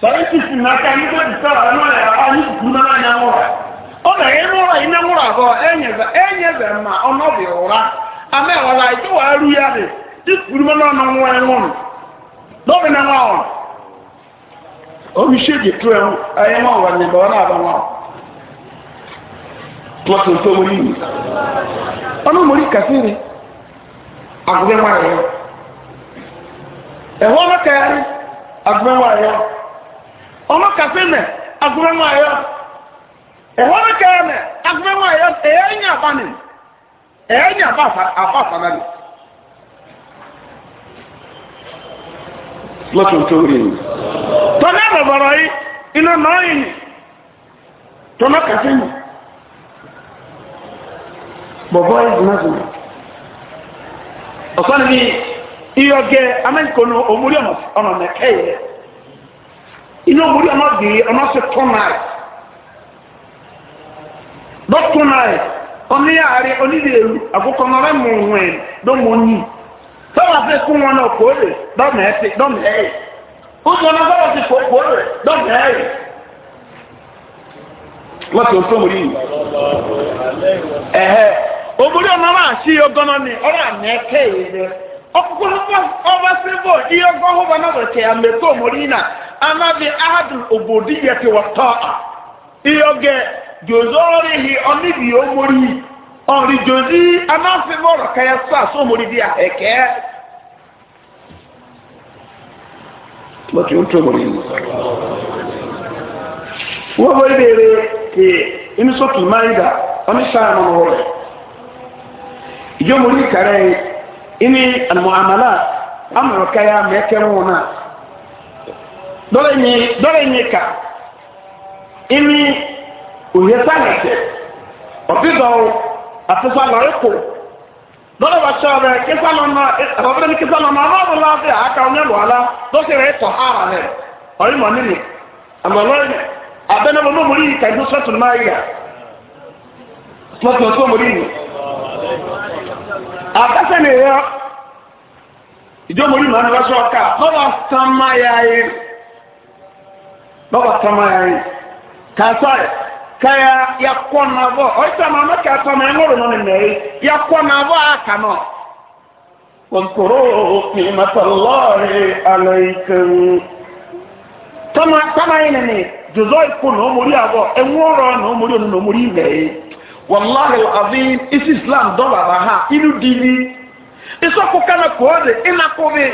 sayentist n'aka ndị anyị kwuru na anya nwụrụ ọ na-enye ụra ime nwụrụ abụọ enyeze enyeze ma ọnọdụ ụra ameghọla ya dị na ọnụ nwa nwụrụ n'oge na nwa Ọ obi shi eji tụọ ewu anyị nwa ụwa ọ na-aba nwa tụwasị nke onwe n'ihi ọnụ mmiri kasịrị agụgụ nwa ya ẹ̀wọ́n mẹ́kẹ̀ẹ́rì agụgụ nwa ya ọmọ kàfé mẹ agbọmọ ayọ ẹhọrọ kẹrẹ mẹ agbọmọ ayọ ẹyẹ ẹnyẹ abani ẹyẹ ẹnyẹ abafana ni. lọ́tún tó rí ni. tọ́lá bàbàrà yìí iná náà yìí ni tọ́lá kàfé mẹ
bọ̀bọ̀ yìí náà sùn.
ọ̀sán ni iyọ̀ gẹ amẹ́kọ̀ọ́ ọmọdé ọmọ mẹ́kẹ́ yìí inú omori ọmọ di ọmọ sọ tọnai dọtọnai ọmọyaari onídìrú àkókò nọrẹ mọ wẹn dọmọ ní sọlá fẹ fún wọn náà kó lè dọmọ ẹsẹ dọmọ ẹyẹ oṣù ọ̀nà sọlá ti kó kó lè dọmọ ẹyẹ wọ́n ti ń fún omori yìí ẹ̀hẹ́ omori ọmọ máa ṣí ọgọ́nà ni ọ̀rọ̀ àmì ẹ̀kẹ́ yìí rẹ̀ ọkpụkpọ ọbasịbọ ihe ọgọhụba na wete ya mmekọ omorina anabi ahadul obodi ya tiwata ihe oge jozi ọrịhi ọnibi omori ọrị jozi anasịbọ ọrọ ka ya saa so omori di ya eke
lọtị otu omori
wọ́n bọ̀
ibèrè ke
inú sọ́kì máa ń dà ọ́nìṣà ànú ọ̀rẹ́ ìjọ́ mo ní kàrẹ́ yìí ini almuamalat amro kaya meke muna dole ni dole ni ka ini uyeta nete obido afisa loreko dole wa chabe kisa na obido ni kisa na ma bo la fi aka onye wala do se re tahara he ori mo ni ni amalo ni abena mo mo ri ka do suratul maida suratul mo ri ni akásẹ̀ lè yọ ìjọ́mọ̀rí màá ní lọ́sọ̀ ọ̀ka lọ́wọ́ sàmáyáyé ya sàmáyáyé kàtọ́ kaya yakɔ n'abɔ ma, maa mɛ kɛtɔ mɛ ŋoro nɔ ni mɛ yi yakɔ n'abɔ aka nɔ. wɔnkoro nimatalɔri tama tama na omori abɔ eŋoro na omori onu na omori wallahi alazim isi islam dọlara ha inu dini isi ọkụka e, na kwode ịnakwụghị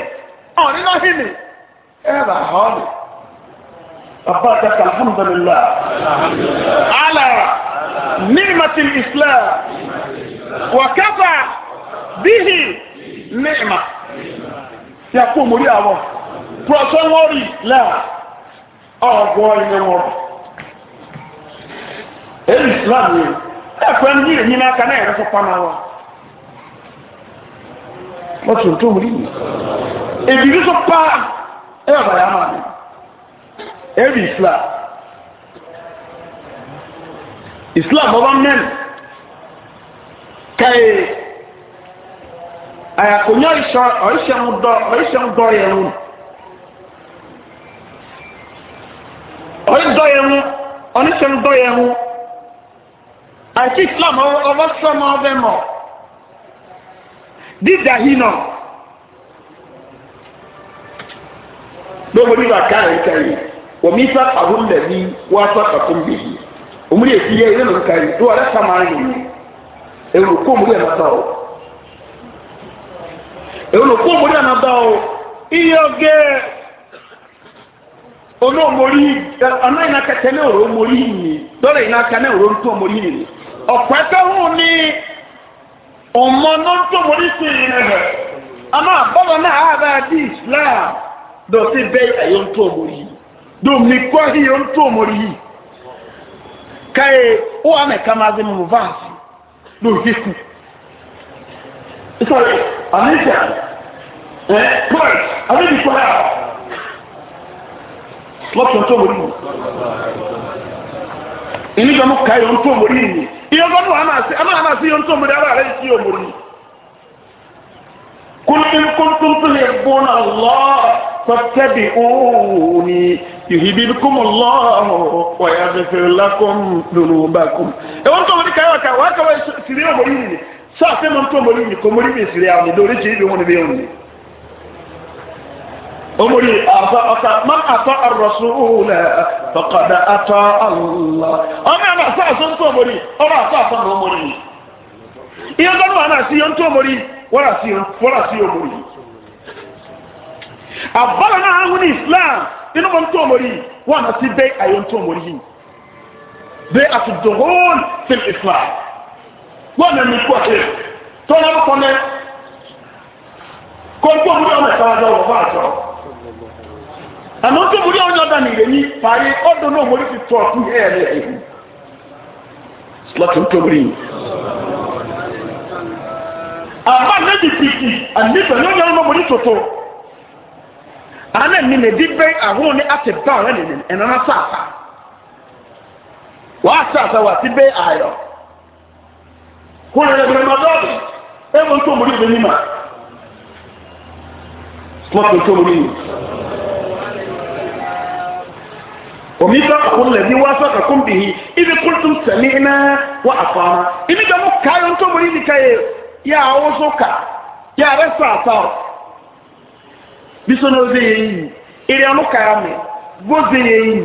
ọrịna hini ebe ahụ ọ dị أباك الحمد لله على نعمة الإسلام ya به نعمة يقوم لي أبو فرسان وري لا ẹ̀fọ́ ẹni yìí nyina aka náà yẹn fọ́ pamọ́ àwọn wọ́n tún tó wúlí yìí èdìrí so paa ẹ yà bàyà máa mi ẹ bí islam islam ọba mẹ́rin kẹ́ẹ̀ àyàkónyá ìṣọ ọ̀ìṣẹ́n dọ́ yẹn wù ọ̀ìṣẹ́n dọ́ yẹn wù ọ̀ìṣẹ́n dọ́ yẹn wù àti islam ọwọ́ sọmọ ọbẹ̀ mọ̀ dídà hinà lóko nígbà káyọ̀ káyọ̀ wọ́n mi sá àhún lẹ́bí wọ́n á sá àkókò bèyí òmùrí èsì yẹ ilé lóko káyọ̀ tó ọ̀rẹ́ sá máa yìí èrò kó òmùrí ẹ̀ máa bá o èrò kó òmùrí ẹ̀ máa bá o iye oge ono omori ọ̀nà ìnákẹ́tẹ́ náà òrò omori yìí lọ́rọ̀ ìnákẹ́ náà òrò ntú omori yìí ọ̀pẹ́ tẹ́hùn ní ọmọ náà tó mọ̀ ní sí ìrìn rẹ̀ àmọ́ àbọ̀bọ̀ náà àbá di islam dọ̀tí bẹ́ẹ̀ ẹ̀yọ́ tó mọ̀ yìí domi kọ́ ẹ̀yọ́ tó mọ̀ yìí káyé ó wà mẹ́ka máa dé mọ̀ vaasi lórí kú. ìsọ̀rọ̀ àmìsíà ẹ̀ pọ́ìs àmìsíkọ́ yà
lọ́tọ̀ tó mọ̀ yìí.
ìníjọ́ mọ̀ káyọ̀ tó mọ̀ yìí iyɔnkɔnu amaasi ama amaasi yɔ ntɔn mu de ala ale ti yɔ mori kulin kuntum tuli buna allah fatabi uuni yuhibi kum allah wa yaghfir lakum dunubakum ewu ntɔn mu de kayo ka wa kawa siri yɔ mori ni sa se ma ntɔn mori ni ko mori bi siri ni omori ata man ata arasula fakada ata allah ọmọ ẹni ata aso ntọ omori ọmọ ata aso na omori iye gbọdọ wọn asi yọ ntọ omori wọn asi yọ omori abala náà ahun ní islam inú mọ ntọ omori wọn asi bẹ ayọ ntọ omori yìí bẹ ato dohon fil islam wọn nà ní kọtẹ tọ́lá kọ́nẹ kọ́ńtò omori ọmọ ìta ọjọ́ wọn bá a sọ̀rọ̀. àmọ́ tó múlí ọ̀nyọ́ dání yẹn ní parí ọ̀dọ̀ náà mórí ti tọ̀ ọ̀tún yẹ́ ẹ̀rẹ́ ẹ̀hìn lọ́tún tó múlí. àbá méjì tìtì àníbẹ̀ ní ọ̀nyọ́ mórí tuntun na ní nìdí bẹ́ẹ̀ àhóhùn ní àti bá ọ̀rẹ́ wàá wàá ti bẹ́ẹ̀ àyọ̀ kúrò ẹ̀rẹ́ bẹ̀rẹ̀ mọ́ dọ́ọ̀dù ẹ̀ mọ́tò tó mi ni. omi bá kún lẹ́bi wá sọ́kà kún bì yìí ibi kún tún tẹ̀lé iná wá àfọ̀hánà ibi tó mú káyọ̀ tó mi ni káyè yà áwọ̀ sọ́kà yà rẹ̀ sàtà bisu na ozi yẹn yìí ìrì àmú kàyà mi bó ozi yẹn yìí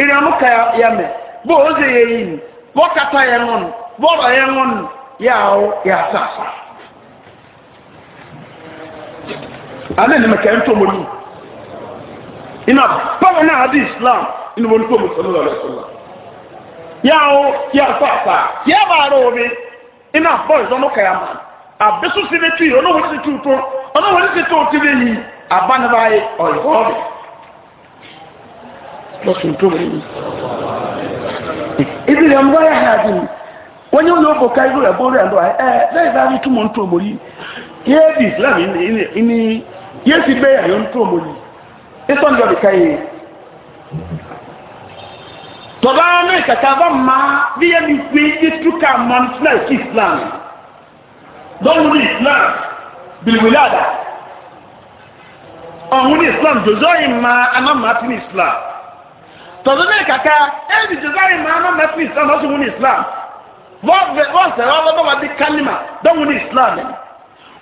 ìrì àmú kàyà mi bó ozi yẹn yìí bó kàtà yẹn wọn bó yẹn wọn yà áwọ̀ yà sàtà. ana ni mẹkẹ ntọ mo ni ina báwo na adi islam ina mo ntọ mo sọ Ya lọsọ lọ yàwó yà fàfà yà bàrà omi ina bọ ìzọmọ kẹyàmà abesu si bi tu yi ọlọ́wọ́ si tu tó ọlọ́wọ́ si tó ti bi yi yi mo eh, ni ibi wọ́n bọ̀ ẹ̀ ẹ̀ bá túmọ̀ yéesi bẹ́ẹ̀ àyọ̀ ń tó mo yìí ẹ̀sọ́ e ń dọ̀bì káyé tọ́ba náà kàkà bá ma bí yẹn mi gbé yé túkà man fúlẹ̀ sí e islam dọ́wọ́ ní islam bìlìwìlàdà ọ̀hún ní islam jòzó yìí ma anámàtí ní islam tọ́ba náà kàkà ẹ̀ẹ́dì jòzó yìí ma anámàtí ní islam ọ̀sùn ní islam wọ́n sẹ̀rọ̀ ọlọ́dọ́wà kálímà dọ́wọ́ ní islam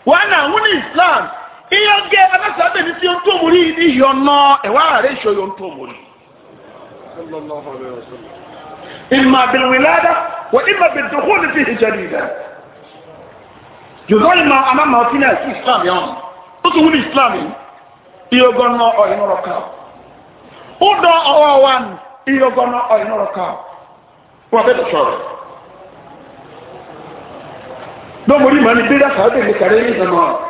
wọ́n náà wọ́n ní islam ihe oge anasa abeni si ontu omuri n'ihi ọnọ ewara resho ya ontu omuri imma bil wilada wa imma bil dukhul fihi jadida yuzo imma ama ma ofina si islam ya ọnụ otu wuli islam ihe ogo nọ ọyịnọrọ ka ụdọ ọwa wa ihe ogo nọ ọyịnọrọ ka wa bedo chọrọ dọmori ma ni bi da sa abeni kare ni zama ọnụ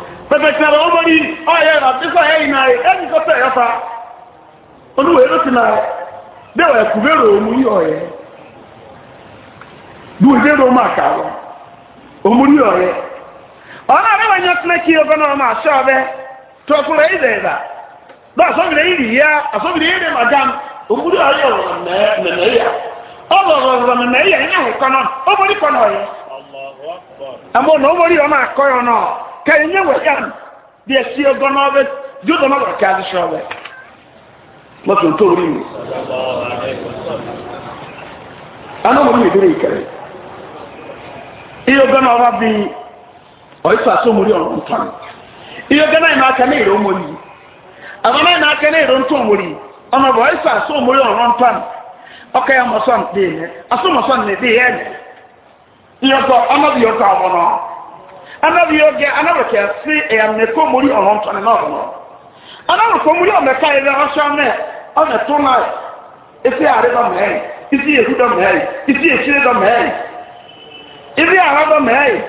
e ọmọdé ọ̀yẹ́ ìràtíkọ̀ ẹ̀yìn náà ẹni kọ́tẹ̀ ẹ̀yọ́ta olúwẹ̀ ló ti náà bẹ́wọ̀ ẹ̀kùnbẹ̀rẹ̀ òmù yí ọ̀yẹ́ dùnjẹ́rẹ̀ ọmọ àkàrọ̀ òmù yí ọ̀yẹ́ ọ̀nà rẹ̀ wọ́n tún kí ọgbọ́n náà máa ṣọ́ ọbẹ̀ tó ọkùnrin bá àsọ́bìnrin yìí yá àsọ́bìnrin yìí kẹyìn yẹn wọ yẹn bí ẹ sí ọgọ náà bẹ jọdọ náà wọ kí a ti sọ bẹ
mọtò tó rí mi. anú mo ní ìdúró ìkẹrẹ
iye ọgọ náà wà bí ọyísọ àtọmọdé ọrùn tán iye ọgọ náà ìnáka ní ìrọ ọmọ yìí àwọn náà ìnáka ní ìrọ ntọ ọmọ yìí ọmọ bọ ọyísọ àtọmọdé ọrùn tán ọkọ ya mọsán dé yẹn asọmọsán dé yẹn iye ọgọ ọmọ bí ọgọ àwọn náà anabi yɛ ɔgɛ anabi kɛ ɛsi ɛyɛ mɛkɔ mori ɔhɔn tɔ ne n'ɔhɔn anabi kɔ mori ɔmɛka yi lɛ ɔhyɛ mɛ ɔmɛ to na esi ari dɔ mɛ yi esi ehu dɔ mɛ yi esi esiri dɔ mɛ yi ebi ara dɔ mɛ yi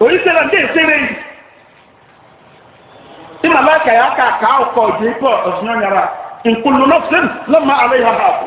oyi sɛ ɛdɛ esere yi ima mɛ kɛ yɛ aka kaa ɔkɔ ɔdi pɔ ɔsinyɔnyara nkulu nɔfin lɔma ale yɛ ha ko.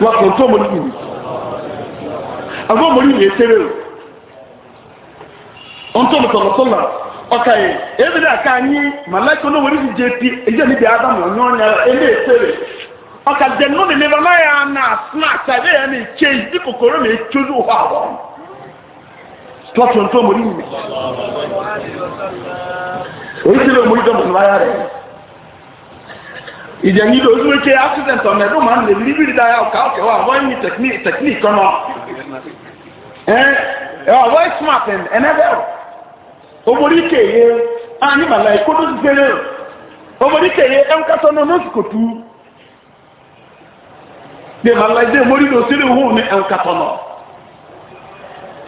wakò tó mọ̀ nínú àwọn ọmọ yìí tẹ́lẹ̀ o ọ̀n tó mọ̀ sọ̀rọ̀ sọ̀rọ̀ ọ̀ka ebi dà ká nyi màláìkò náà adamu ọ̀nyọ́ ọ̀nyà na tẹ́lẹ̀ ọ̀ka jẹ nínú mi bàbá yà á nà snacks àbẹ́ yà mi kye yìí bí kòkòrò mi tó ní òwò àwọn tọ́tù ọ̀n tó mọ̀ nínú oyin ìjẹ̀yìn ló dúró ṣe accident ọ̀nà ẹ̀dùn máa ń lè ní bíbí dáyà ọ̀kà ọ̀kẹ́ wa avoid me technique technique kan náà ẹ ẹ ọ̀wọ́ smart ẹ̀ ẹ̀nẹ́bẹ̀ ọ̀ omori kèye á ní màlá ẹ̀kọ́ tó ti fẹ́rẹ̀ omori kèye ẹ̀ ń kásán náà ló sì kò tú ní màlá ẹ̀dẹ́ omori ló sílẹ̀ òhun ní ẹ̀ ń kásán náà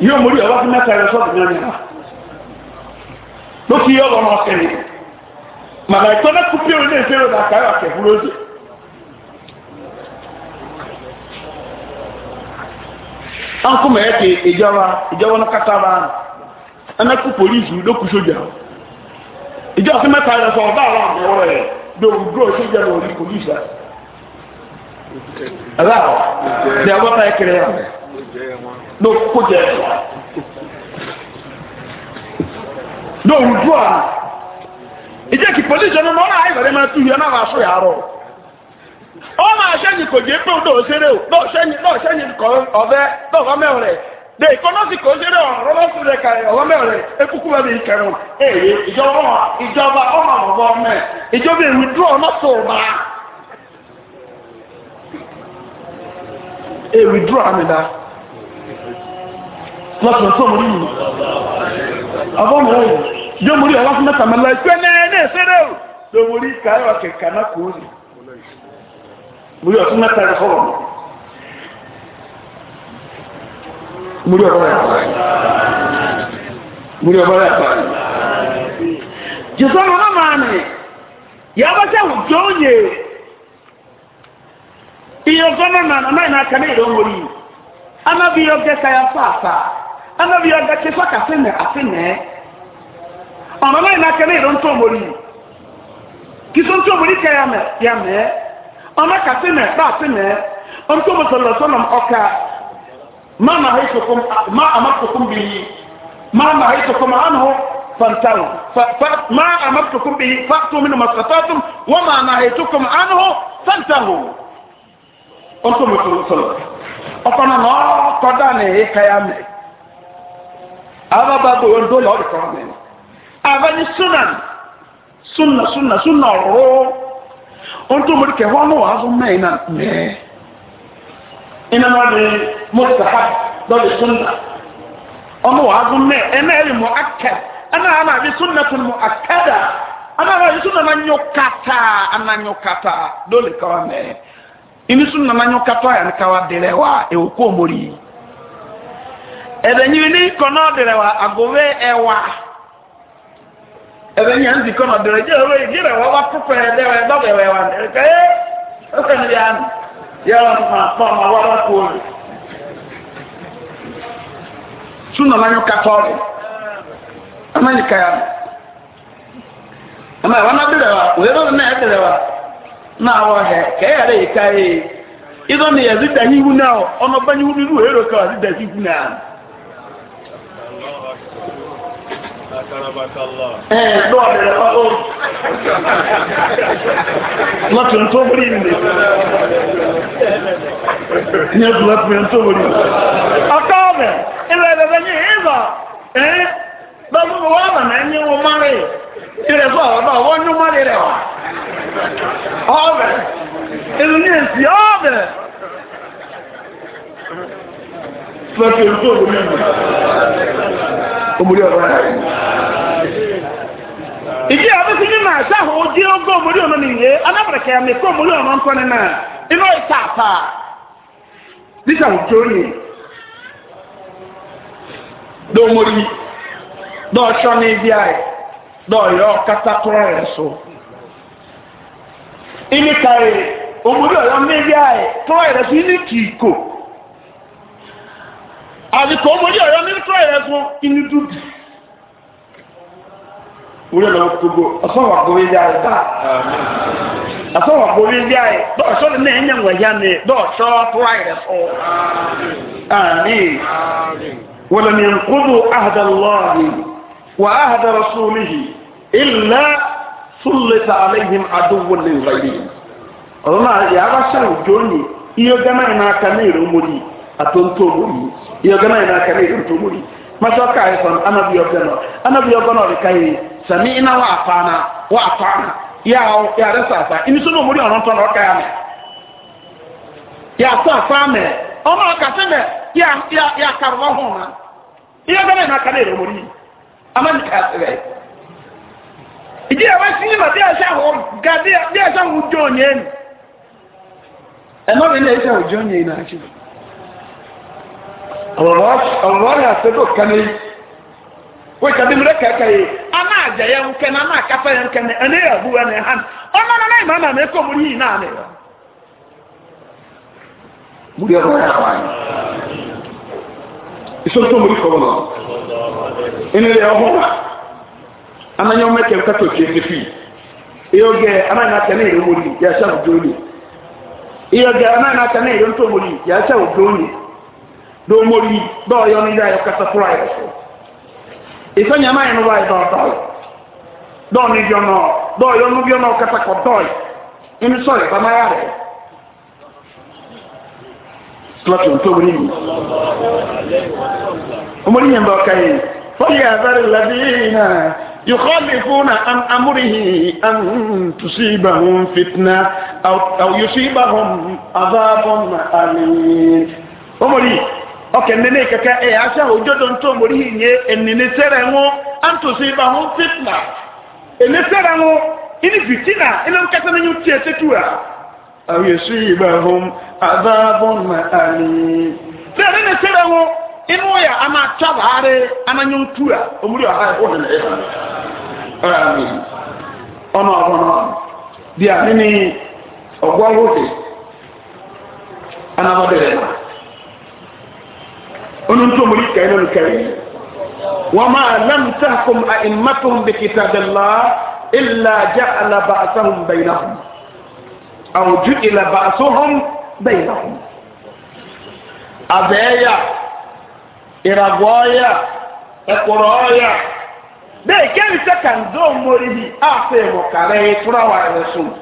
yóò omori ọ̀wá fún mẹ́ta ẹ̀rọ sọ́ọ̀dù ní ọ̀nà ló fi yọ ọ̀rọ̀ ọ̀kẹ́rin malaikɔ na kupi o ne fero na kaayɔ akɛhuro de an kuma yɛ ke ejawa ejawa na kata ba ana ku polisi do ku soja ejawa fi mɛta yɛ sɔ ɔba ala ɔmɛ wɔrɔ yɛ do duro soja na ori polisi a ala tɛ ɔba ta yɛ kere yɛ do ko jɛ do duro a ìjẹ́ kí polisi ọ̀nà ọ̀nà àìbẹ̀rẹ̀ máa tú yẹ náà wà sóyà rọ̀ ọmọ àṣẹ́yìn kò jẹ́ pé òdò òṣèré o lọ́ọ̀ṣẹ́yìn kọ̀ ọ̀fẹ́ lọ́ọ̀fọ́ mẹ́ọ̀rẹ́ de ìkọ́nọ́sì kò ṣeré ọ̀rọ̀ lọ́sùn rẹ̀ kàrẹ̀ ọ̀wọ́ mẹ́ọ̀rẹ́ ekúkú bẹ́ẹ̀ bí kẹrin èyí ìjọba ìjọba ọmọ àbọ̀bọ̀ ọmọ ẹ̀ ìjọba èwì dúró ọ̀nà sọ̀rọ̀ èwì dúró àmì dá lọ́sùn tó mú nínú ọbọ̀ mọ́ domori ọwọ fún mẹta mẹla ẹgbẹ náà ní ẹsẹrẹ o domori káyọ kẹkẹ náà kò rí mori ọfún mẹta ẹrẹ fọwọ mori ọfún mẹta ẹrẹ mori ọfún mẹta ẹrẹ jésù ọmọ náà máa nì yà bá sẹ ọjọ òye iye ọjọ náà nà nàmá yìí náà kàn ní ìdánwò yìí anabi ọjọ kẹyà anabi ọjọ kẹfà kàfẹ nà àfẹ nà ọ̀nà náà iná kẹ́lẹ́ ìlú ń tó mórí kì í sọ ń tó mórí kẹ́ ya mẹ́ ọ̀nà kàtí mẹ́ bá àti mẹ́ ọ̀n tó mọ̀tò lọ sọ́nà ọ̀ka má nà ha ètò kọ́m má àmà tó kọ́m bìyí má nà ha ètò kọ́m àánú fantaw má àmà tó kọ́m bìyí fàtó mi nà mà sàtàtó wọ́n má nà ha ètò kọ́m àánú fantaw ọ̀n tó mọ̀tò lọ sọ́nà ọ̀pọ̀ nà ọ̀kọ̀ dà ní ya mẹ́ àbábá bò wọn dó lọ́ọ̀dì kọ́ abani sunan sunna sunna sunna ọ̀rọ̀ ohun tó mọ̀rí kẹwàá náà wàá fún mẹ́rin náà mẹ́ẹ̀. iná náà ni mustapha sunna ọmọ wàá fún mẹ́ ẹ̀mẹ́ ẹ̀rì mọ̀ akẹ́ ẹ̀nà àmà àbí sunna tún mọ̀ akẹ́dà sunna sunna ebe nye nzikọ nọdụrụ je owe na wee wapụpụ edewe dọbewe wa ka e ya nụ ya ọ ma ama na na ka ya re kai ido ne ya zidanyi hu na ono banyi hu ni ka zidanyi na
ẹ lọ àbẹrẹ ọ
lọtún tó wọlé nìyẹn ìyẹn tó lọtún tó wọlé ọkọ ọbẹ ilẹ bẹbẹ ní ìbà ẹ lọtún wọn bà náà ẹni wọn márì ilẹ fún láti ẹ̀rù tó lórí ìlú omori ọ̀rọ̀ rẹ̀. ìdí àwọn tí ní màá sáà ó dé ogún omori ọ̀nà nìyẹn anábẹ̀rẹ̀kẹ́ àmì kó omori ọ̀nà ń kọ́ni náà inú ìta àpá níta òjò ni dọ́mori dọ́ọ̀ṣọ́ ní ibi àì dọ́ọ̀yọ́ kátàkùrọ̀ rẹ̀ so. ìmìkàrè omori ọ̀yọ́ ní ibi àì tọ́ ẹ̀rẹ́ sí ní kìí àsìkò ọmọdé ọ̀yọ́ ní tó ẹ̀rẹ́ fún inú dúdú wúlò lọ gbogbo ọsọwọ àgbórí ilé ayé bá ọsọwọ àgbórí ilé ayé dọ́ọ̀ṣọ́ lè ní ẹ̀yẹ̀ wọ̀ ẹ̀yà ni dọ́ọ̀ṣọ́ tó ayẹ̀rẹ̀ fún ààrin wọlé ní nkúdù ahadàlọ́ọ̀hì wà ahadàrọ̀ sóòlìhì ilẹ̀ súnlẹ̀ta aléhìm adówó lè rẹ̀ yìí ọ̀rọ̀ náà yàrá sẹ́wọ̀n jóni iye gánà ìnáka ní ìrọ̀mọ́lì atontomuri iyo gana ina kana iyo tomuri masoka ay son ana biyo gano ana biyo gano ri kai sami'na wa afana wa afana ya ya rasa sa ini so muri onon ton oka ya me ya so afame ono ka se me ya ya ya karwa hona iyo gana ina kana iyo muri ama ni ka se ije ya wasi ni ma dia sha ho ga dia dia sha hu jonye eno ni dia sha hu jonye na chi ọlọrọ ase do kane yi wọ́n ti adimire kẹkẹ yi ana agya yẹn nkẹne ana akafa yẹn nkẹne ẹni yẹ abu ẹni han ọmọ nana yìí màmá mi kọ́ mu yìí náà ni
mu yẹ kọ́ yà wá yìí ìsọ́tò mu yìí kọ́ wọn ẹni yẹ ọhún wa
ananyẹ ọmọ ẹkẹ nkatọ tiẹ ti fi iye oge ananyẹ atẹ ne yẹ wọlé yẹ ahyẹ ọdọ wọlé iye oge ananyẹ atẹ ne yẹ domori dɔw yɔ ni yɛ kasa fura yɛ so efe nyama yɛ no wa yɛ dɔw dɔw dɔw ni yɔ nɔ dɔw yɔ no yɔ nɔ kasa kɔ dɔw ɛni sɔrɔ bama yɛ rɛ silatu ntobiri mi omori yɛn bɛ ɔka yi fɔli azari ladina يخالفون عن أمره أن تصيبهم فتنة أو, أو يصيبهم عذاب أليم. أمري ọkẹ nene kẹkẹ ẹ eh, ahyẹ ahụ ojodo ntọ mori hi nye enene eh, sẹrẹ ŋo antosi ba ho fitna eh, ene sẹrẹ fitina ene nkasa ne nyo a awie su yi ahụ ho na ali sẹrẹ ne sẹrẹ ŋo ịnụ ya ama atwa baare ama na onuntombo ni kɛyɛ nanu kɛyɛ wama lam tahkum a'immatuhum bi kitabillah illa ja'ala ba'sahum bainahum aw ju'ila ba'suhum bainahum abɛɛya iragɔɔya ɛkɔrɔɔya bɛɛ kɛyi sɛ kan dɔn mori bi a fɛ mɔ kare ye tura wa yɛrɛ sun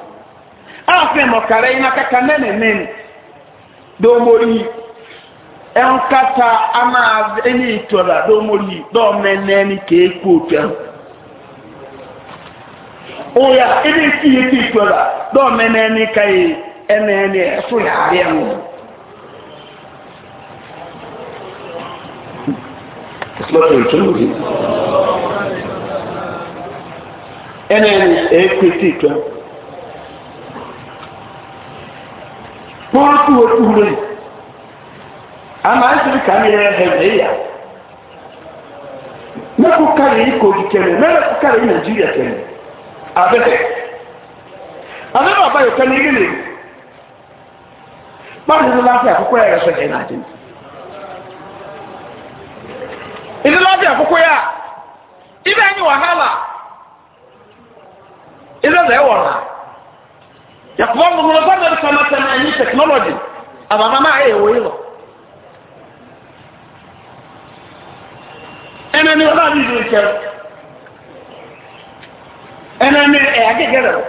a kare na ka kan nɛnɛ nɛnɛ mori ɛnkata ama ɛne itɔra dɔmoli dɔmɛ nɛni keeko tɛ oya ɛne e ti yɛ ti itɔra dɔmɛ nɛni ka yi ɛnɛni ɛso yaare no ɛnɛni ɛkpe ti itɔra kpɔɔtu wɔ tuuro ama ntiri ka mmiri ya hebe ya mmeku kari ikogi kene mmeku kari nigeria kene abebe abebe ọba yóò kẹ́ni ilé lèmi báwo ni láti àkókò yà rẹ sọ̀kẹ́ náà dín ìdí láti àkókò yà ibà ẹni wàhálà ìdí ọ̀dọ̀ ẹ̀ wọ̀ náà yàtọ̀ wọn lọ́dọ̀ ẹ̀ kọ́mọ̀tẹ̀ náà ẹnna ní ọba àbí ìdúró kyẹrọ ẹnna ní ẹyà gẹgẹrẹ o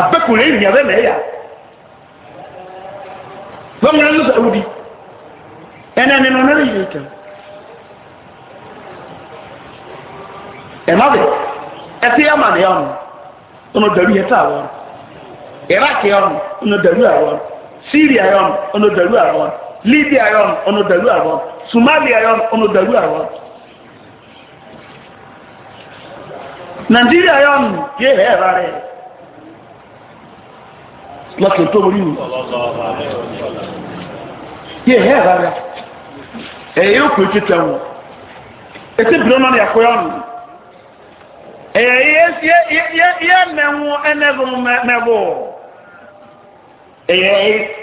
abẹkùnrin ènìyàn bẹ mẹyà gbọmọdé ló sọ wudi ẹnna ní ọba àbí ìdúró kyẹrọ ẹ má bẹ ẹ ti yá màdìyà ọ̀nà ọ̀nà dàrú yẹn tà wọ́n iraq yẹn ọ̀nà ọ̀nà dàrú àwọn síríà yẹn ọ̀nà dàrú àwọn libya yɔn ɔno dalu awɔ somalia yɔn ɔno dalu awɔ nigeria yɔn yɛ hɛ ɛrɛ
lɔtɔ tó wuli mu
yɛ hɛ ɛrɛ ye ye ye ye ye eti biro nɔ yɛ kò ye ɛyɛ yɛ yɛ yɛ mɛ ŋu ɛnɛ bɔ mɛ bɔ
ɛyɛ.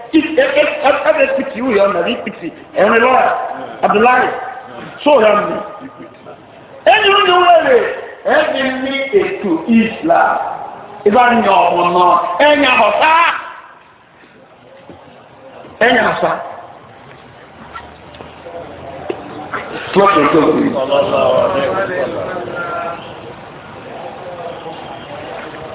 ɛdɛ piti wo yɛ ɔna bi piti ɛwɔ lɔra abdullahi so yɛ ɔna ɛni o ni wɛrɛ ɛni ni eto islam iba nya ɔmo nɔ ɛnya ɔsa
ɛnya ɔsa
lɔpɔ tó o yi.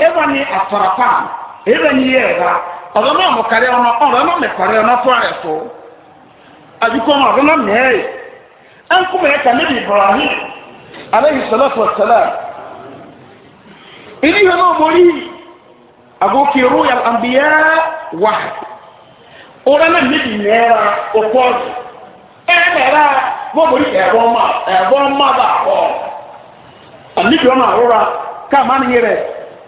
ɛyɛba ni ni yɛ ɛra ɔdɔ náà mo kari ɔnɔ ɔdɔ náà mɛ kari ɔnɔ fɔ ayɛ so ɔdɔ náà mɛ ɛyɛ ɛnkum yɛ kane bi ibrahim aleyhi salatu wa salam ɛni yɛ yi agoke royal ambiya wa ɔdɔ náà mɛ bi ɛra ɔkɔ
ɛyɛ ɛra bɔbɔ yi ma ma ba kɔ
ɔnɔ a ma ni yɛ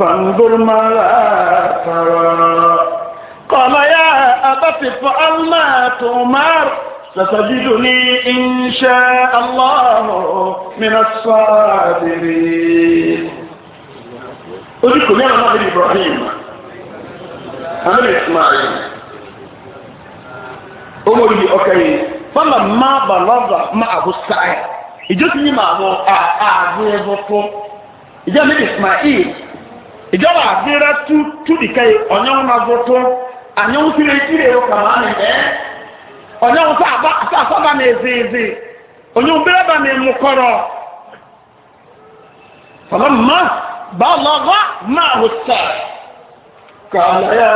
فانظر ما لا ترى قال يا أبت فعل ما تؤمر ستجدني إن شاء الله من الصابرين أذكر يا نبي إبراهيم أنا إسماعيل أمري أوكي فلما بلغ معه السعي إجتني معه أعزيه آه، آه، بطو إجتني إسماعيل ìjọba àfihàn tú túdìkẹ́ ọ̀nyẹ́wò náà bó tó ànyẹ́wò sílẹ̀ ìtìrẹ̀ yóò kà máa nì ẹ́ ọ̀nyẹ́wò sábà ní ezèzè ọ̀nyẹ́wò bẹ́rẹ̀ bá ní mú kọ́rọ̀ fọlọ́ mọ́ bá lọ́gọ́ máa wò sẹ́ kàlẹ́ yà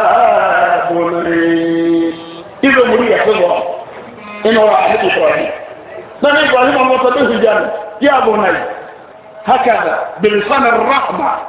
ìlú omi yẹ fún wọn inú ọ̀rọ̀ àti ìgbà mọ́tò tó jẹun bẹ̀rẹ̀ sọ́nà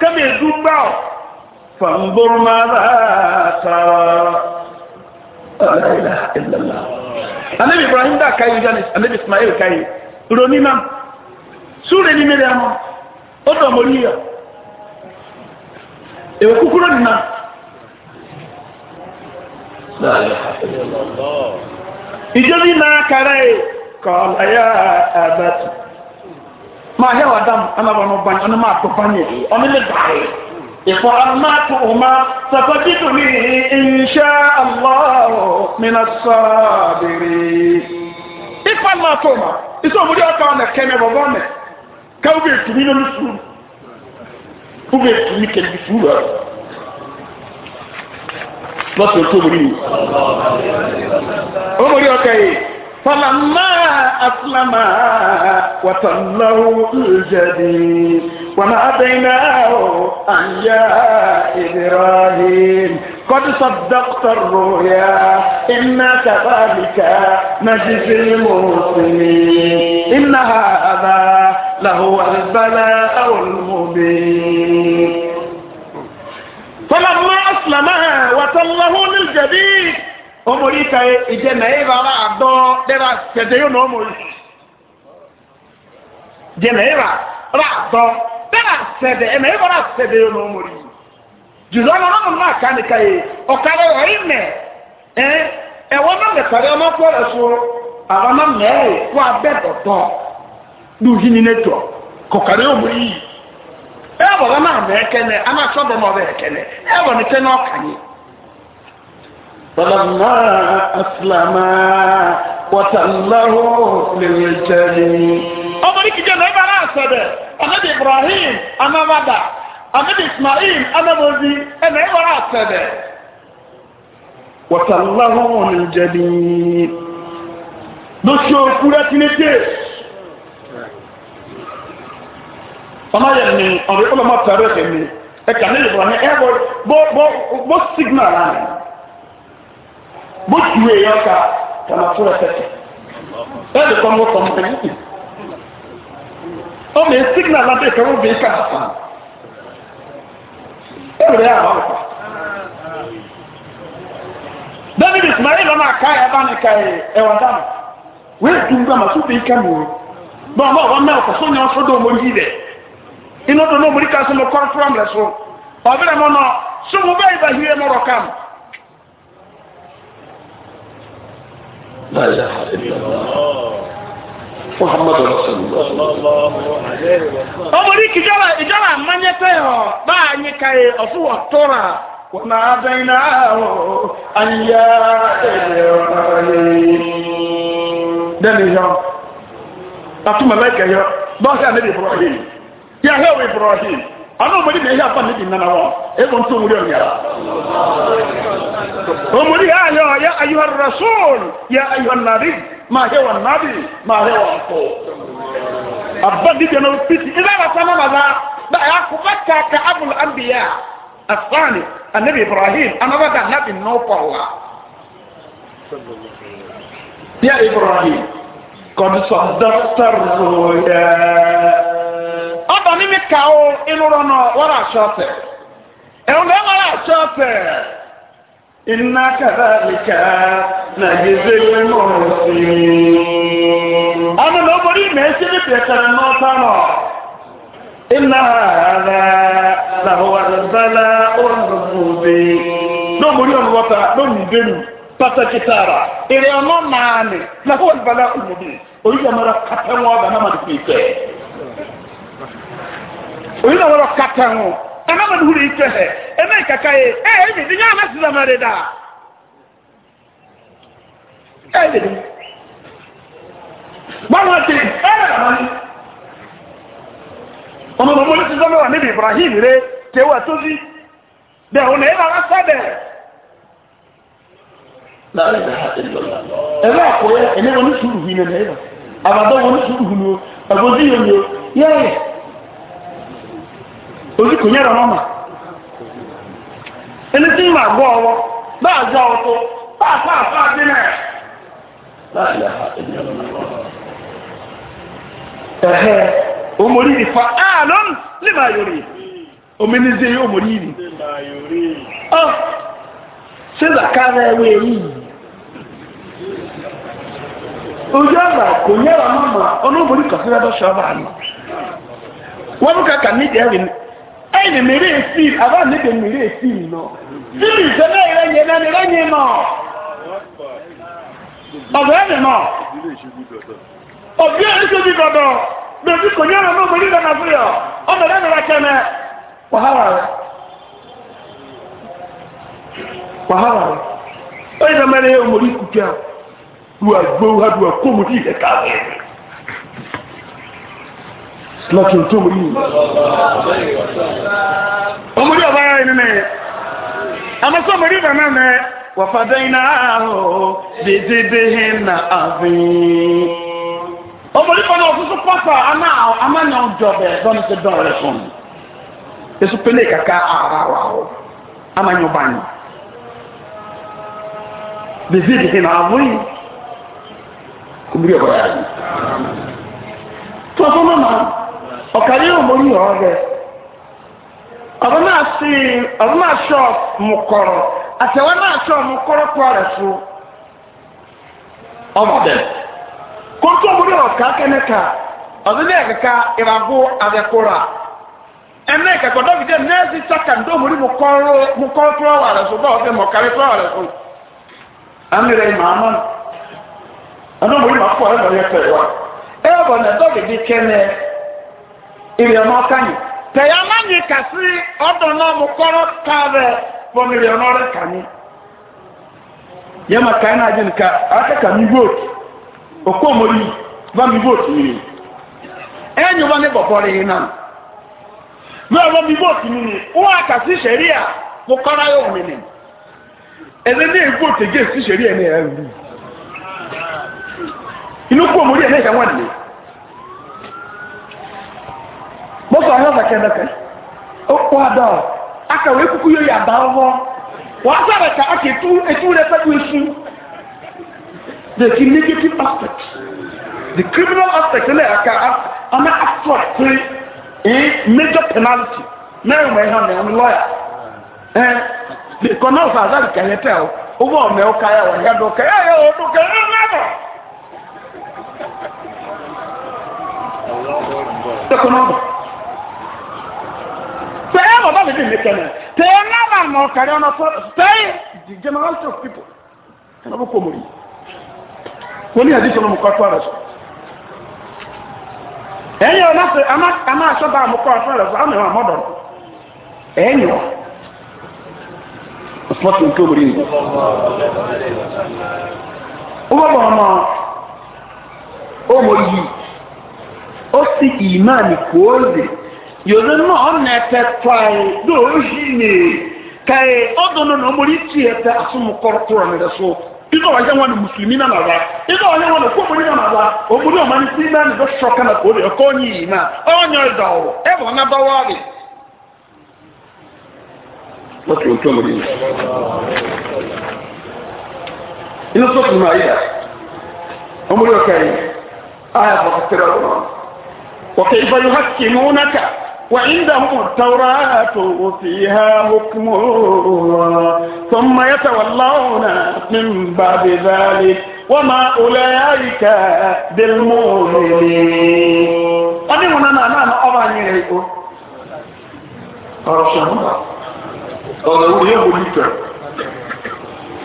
kẹ́mi èdú gbà ọ́ fàǹgbọ́nmára sára ọ̀làìlà ìlàlà. anabi ibrahim dà káyé jẹ́ anabi ismail káyé ronú náà súrè ní mẹ́rin àmọ́ ó dọ̀ mọ́ níyà èwe kúkúrò nìyà. ìjọba ìnáyà kárẹ́ kọ́ ma yɛ wa dam ɛna wɔn no ban ɛna ma to ban yɛ ɔno ne daare ifɔ ama to ɔma safati to mi insha allah mina saabiri ifɔ ama to ɔma isɛ ɔmo de ɔka ɔna kɛmɛ bɔbɔ mɛ ka ube tumi na no suru ube tumi kɛ bi suru ɛrɛ lɔsɔ to ɔmo ni ɔmo de ɔka yi. فلما أسلما وتله الجديد أتيناه أن يا إبراهيم قد صدقت الرؤيا إنا كذلك
نجزي المسلمين إن
هذا لهو البلاء المبين فلما أسلما وتله للجديد omori ka ije na ịrara adọ dịra sede yo na omori je na ịra ara adọ dịra sede eme ịrara sede yo na omori jùlọ na ọmọ náà ká nìka yìí ọ̀kadà ọ̀ ìmẹ̀ ẹ̀ ẹ̀wọ́ náà mẹ̀kàrí ọmọ so e, omori e, n'a na فلما أسلما وتله للجبين أمريكي كجل هبا ناسد أنا إبراهيم أنا مدى أنا إسماعيل أنا مزي أنا هبا ناسد وتله للجبين نشوف كورة تنتيس ọmọ yẹn ni ọ̀rẹ́ ọlọ́mọ tẹ̀rẹ̀ ẹ̀mí ẹ̀ka ní ìbùrọ̀ ní ẹ̀bọ̀ bó signal náà bó tiwé yẹn ká kàmá fún ẹsẹsẹ ẹni kọ́ mọ́ sọmọ ẹni tì ọmọ yẹn signal lábẹ́ ìkẹwọ́ bẹ́ẹ̀ ká sàn ẹ̀rẹ́ àwọn ọ̀pá. david ismail ọmọ àkáyà ẹ bá ní ká ẹ ẹwà dànù wíì dùn gbà má sóbì ká mi wò bọ́n ọmọ ọ̀wọ́ mẹ́wọ̀ kọ́sọ́ ní ọ̀sọ́ dọ̀ ọmọdé dẹ̀ inú dùn ní ọmọdé ká sọ́mọ kọ́rọ́ fúlọ́mù rẹ̀ sọ ọ̀bẹ̀rẹ̀ náà
لا إله إلا الله Muhammad Rasulullah.
Ọmọdé kìjọba ìjọba mányẹ́tẹ́ ọ̀ bá a yí ka yẹ ọ̀fún ọ̀tọ́ra wọ́n máa bẹ́ẹ̀ náà ọ̀ ayé ẹ̀rẹ̀
ọ̀rẹ́.
Dẹ́ni yọ, àtúmọ̀ mẹ́kẹ̀ yọ, bọ́ọ̀sì àmì ìbúrọ̀hìn, ana omori na ihe afa ne bi nana wɔ ebo nto omori ɔnyara omori ha ayɔ ya ayuha rasul ya ayuha nabi ma he wa nabi ma he wa nko abba dibia na opiti ila basa na maza da ya kuba kaka abul anbiya asani annabi ibrahim anaba da nabi nofa wa ya ibrahim قد صدقت الرؤيا ọba mímí ka o ìlúrọ náà wọ́rọ̀ aṣọ ọ̀tẹ̀ ẹ̀rùn bẹ́ẹ̀ wọ́rọ̀ aṣọ ọ̀tẹ̀ iná kàdáàlìkà nàìjíríà ìwé mọ̀ọ́ sí i. ọmọ náà borí mẹ́sí ní bẹ̀tẹ̀rẹ̀ náà tánà iná ara làwọn àgbàlá olùdókòwé náà borí ọ̀nà wọ́ta lónìí ìbéèrè pàtàkì tààrà ìrìn ọ̀nà nàánì làwọn àgbàlá olùdókòwé oríṣi àmàlà kàtẹ́wọ́n ọ̀gá náà má oyin na wɔrɔ kata ho ɛna wɔn huri itɛ hɛ ɛna kaka yɛ ɛɛ ɛdi di nyɛ ama sisan ma de da ɛɛ ɛdi báwo ti ɛɛ ɛdi ɔmɔ mɔmɔ ní sisan wa níbi ibrahim rẹ tẹ wa tóbi dẹ wọn ẹ bá wá sá dẹ.
ɛbɛ akɔyɛ ɛnɛ
wɔn ni suru hu ne na e ɛbɛ abadɔ wɔn ni suru hu ne o agozi yɛ ne o yɛ yɛ olùkùnyẹ́rọ wọn mà ẹni tí mà gbọ́ ọwọ́ bá a gbọ́ ọtọ́ bá a fà fà dín náà
láàlẹ́ ha ẹni ọ̀rọ̀ náà ẹ̀hẹ́
omori yìí fa àlọ́n lébà yorì omenize yìí omori yìí ọ sẹ́dà kárẹ́ ẹwé yìí ojú àgbà kò nyẹ́rọ wọn mà ọ̀nà omori kọ̀síwájú ṣọ́ọ̀bà àná wọn kà kà nídìí ẹ̀rìn ẹ̀yìn mìíràn èsì àbá níbi mìíràn èsì nù síbi ìṣẹ̀lẹ̀ ìrẹ́yìn náà ni ìrẹ́yìn nù ọ̀bẹ̀ ẹ̀yìn nù ọ̀bí ẹ̀yìn ṣojú dọ̀dọ̀ bẹ̀bí kò ní ọ̀nà náà mo ní ìdáná fún yọ ọ̀bẹ̀ ẹ̀yìn rẹ̀ kẹ́mẹ́ wàhálà rẹ̀ wàhálà rẹ̀ ẹ̀yìn náà mẹ́rin yẹ́ ọmọdé kùkẹ́ wà gbọ́ wà kó mo ní ìdẹ́ka rẹ̀ lọ́kì tó mú yìí ọmọdé ọba ara ẹni mẹ́ amọ́sọ́ ọmọdé ọba mẹ́ wàfàdé iná ahọ́ dédé déhé na àfihàn ọmọdé ọba ọ̀sọ́sọ́ pọ́pọ́ amáyà ọjọ́ bẹ́ẹ̀ dọ́nà ti dọ́n rẹ̀ fún mi èso pélé kàkà
ara wà ó
amáyà ọba ni dédé déhé na àfihàn
ọmọdé ọba ara ẹni
tó ọsọ náà ọ̀kàrí òmòrí ọ̀rẹ́ ọ̀rọ̀ náà sí ọ̀rọ̀ náà sọ mùkọ̀rọ̀ àtẹ̀wọ́ náà sọ mùkọ̀rọ̀ kọ́ rẹ̀ fún ọmọdé kóńtó òmòrí ọ̀ká kẹ́nẹ́ka ọ̀dúnlẹ̀ ẹ̀ka ìràgó abẹ́kúra ẹ̀mẹ́ ìkẹ́kọ̀ dọ́gídé nẹ́ẹ̀sì sákà ní òmòrí mùkọ̀rọ̀ fúláwà rẹ̀ fún bọ́ọ̀ fẹ́ mọ̀kárí fúláwà rẹ̀ fún amírẹ̀ màmá ọ̀dọ́ òmòrí màkúwà ẹ̀ ìrìn ọ̀nà ọ̀ka yìí tẹ̀yà lánìí kàsí ọ̀dọ̀ náà mo kọ́rọ́ ká rẹ̀ fún ìrìn ọ̀rẹ́ kà ní. yẹ́mà káyọ̀ náà jẹ́ nìka akẹ́kà mi vóòtù òkú òmòrí bá mi vóòtù mi ni ẹ̀yìn wọn ní bọ̀bọ̀ rẹ̀ yìí náà bẹ́ẹ̀ bá mi vóòtù mi ni wọ́n àkàsí ìṣẹ̀rí à mo kọ́rọ́ ayọ̀ mi ni ẹ̀rẹ́ ní vóòtù gẹ̀ẹ́sì ìṣẹ̀rí ẹ̀ ní inú kú ẹ̀ ọ̀rọ̀ yóò fẹ̀kẹ́ lẹ́kẹ́ ó kó adá ọ̀ akàwé kúkú yóò yà bá ọwọ́ wọ́n esu the negative aspect the criminal aspect lè aka ọmọ afọ major penalty mẹ́rin mọ̀ ẹ̀hán mẹ́rin lọ́yà the economic azari ya ya ọ́ owó ọ̀mẹ́ ọ̀ka ya ya ẹ̀yà dọ̀ kẹ̀yà yà ya ya ya tẹ́ẹ̀ bàbá mi dín ní kẹ́lẹ́ tẹ́ẹ̀ náà nà ọ̀kàrí ọ̀nà fọ́ tẹ́ẹ̀ the generality of people ẹ̀nà bó kò mọ̀ yìí wọ́n ní àdìsí ọ̀nà mọ̀kọ́ fún àrẹ̀sọ. ẹ̀yìn ọ̀nà sọ àmà àṣọ́bà àmọ̀kọ́ fún àrẹ̀sọ àmì wọn àmọ́dọ̀
ẹ̀yìn ọ̀ ọ̀sọ́tún tó mọ̀ yìí.
ó bọ̀ ọ̀nà ó mọ̀ yìí ó sì ìmáàmì kòóòdì yòòrò náà ọ̀nà ẹ̀fẹ̀ tọ́ẹ̀ lóò hí ni kẹ́ẹ̀ ọ̀dọ̀ náà ní ọmọdé tì ẹ̀fẹ̀ asomukọ́rọ̀ kúrọ̀ ní ẹ̀sọ́ iná wà yẹn wọn ni mùsùlùmí náà nàbà iná wà yẹn wọn ni kóòmù náà nàbà ọmọdé ọmọ ní sinimá ní bẹ sọ kánà kó rẹ ọkọ ní yìí náà ọ̀nyọ̀ ìdá ọ̀rọ̀ ẹ̀ bọ̀ náà bá wà rè.
lọ́kì òtún ọmọdé yìí
inú sọ́kùnrin máa yíyà ọmọdé ọ̀kẹ́ yìí á yà bọ̀ kẹ́kẹ́rẹ́ ọ̀rọ̀ wọ́n kẹ́ ìbáyọ̀ hàkì ní wọn náà وعندهم التوراة فيها حكم ثم يتولون من بعد ذلك وما أولئك بالمؤمنين أنا هنا أنا أنا أباني ريكو
أرشان أنا أولي أبوليك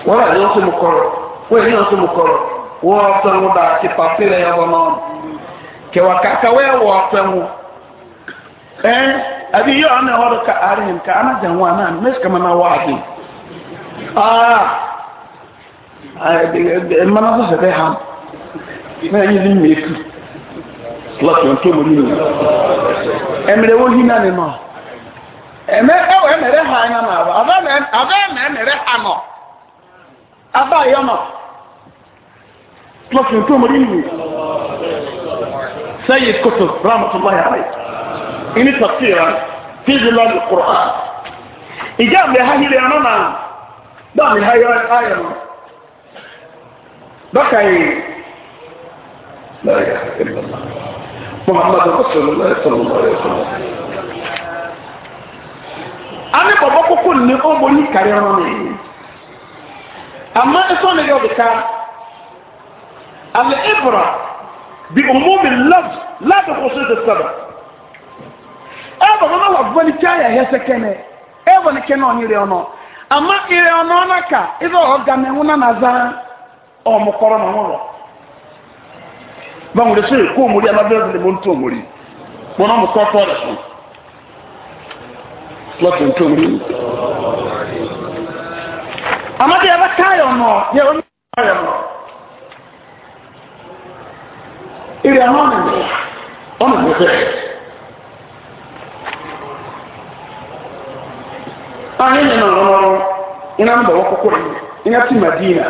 ولا ينسي مقرر وين ينسي مقرر وأصلا ودعك فاصلة يا ظنان كوكاكا ويا وأصلا eh abi yo na wada ka arin ka ana na mes kama na wadi ah ay mana sa be ham na yi din me ku lati on to mo ni emre eh, wo hina ne no eme eh, e eh, wo emre ha na ma ba aba me aba me emre ha no aba yo no lati on to mo ni sayyid kutub rahmatullahi alayhi ini tafsira fi zilal alquran ija me ha hile anana da me ha yara aya no
bakai la ilaha illa allah
muhammad rasulullah sallallahu alaihi wasallam
ani baba koko ni o bo ni kare ron ni amma eso ne yo bika al ibra bi umum al lafz la bi khusus al ebe na wa gbọ ni kyaya ẹhẹ ebe na e ọnụ ama ire ọnụ ọnaka ebe ọga na ẹhụ na naza ọmụ na ọhụrụ báwo lè ṣe èkó òmùrí alábẹ́rẹ́ ìdílé mọ́ ní tó òmùrí mọ́ ọ anyị nyere ọrọmọrọ ina mba ọkụkọ ina ti madina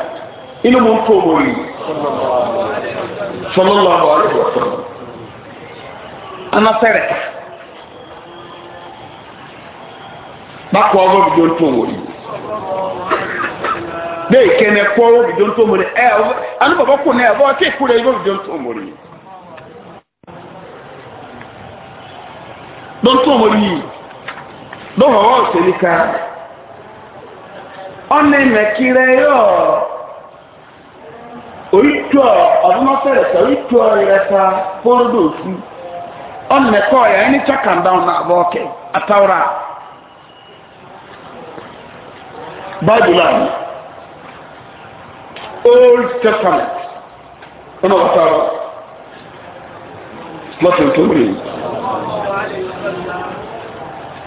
inu mu mpọ omori
sọlọlọ ọrụ ọrụ
anasẹrẹ bakọ e, ọrụ bido mpọ omori bẹẹ kẹne kọ ọrụ bido mpọ omori ẹ anu bàbá kọ náà ẹ bọ ọtí ìkúrẹ ọrụ bido mpọ omori. Don't tell me dɔwɔ wɔ selika ɔne mɛkirɛ yɔ oyitɔ ɔdunɔsɛlɛ sɛ oyitɔ yɛrɛta kpɔrɔdɔ osu ɔne kɔ yɛ ɛni tsakandaw na abɔ kɛ atawura baibul ahu old testament ɔna ɔtawura lɔtɔ ntomri.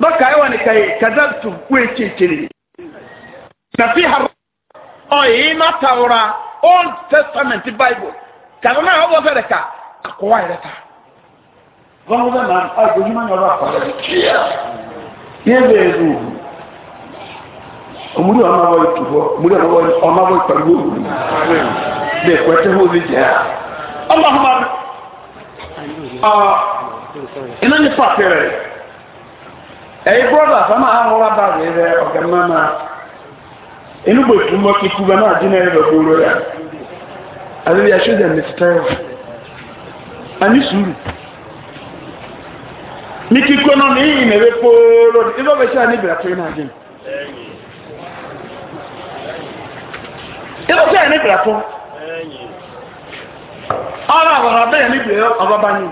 baka yawa ne kai kazabtu na yake kire nasiha oyi oh, na taura old testament bible kaza na hawo fere ka akowa ire ta wọn na agbo yìí máa ń yọrọ àpàlẹ kíá yẹ bẹ ẹ o omuri ọmọ ọ ti bọ omuri ọmọ wọn ọmọ wọn ọ ẹ̀yìn brọ́dà sọ máa ń rọ́bà rẹ̀ rẹ̀ ọ̀gá mọ́mọ́ inúgbò ìfúnmọ́ kíkú bẹ́ẹ̀ náà dín ẹ̀rọ gbòòrò rẹ̀ àbíbi ẹ̀ṣọ́ dẹ̀ mẹ́tì tẹ́rọ àní sùúrù ní kíkó náà ní ìmẹ̀rẹ̀ pòórò nígbà bẹ́ẹ̀ ṣáà níbi àtúrò náà dín ìlú sẹ́yìn níbi àtúrò ọ̀rọ̀ àbàrà bẹ́ẹ̀ níbi ọ̀bàbá yìí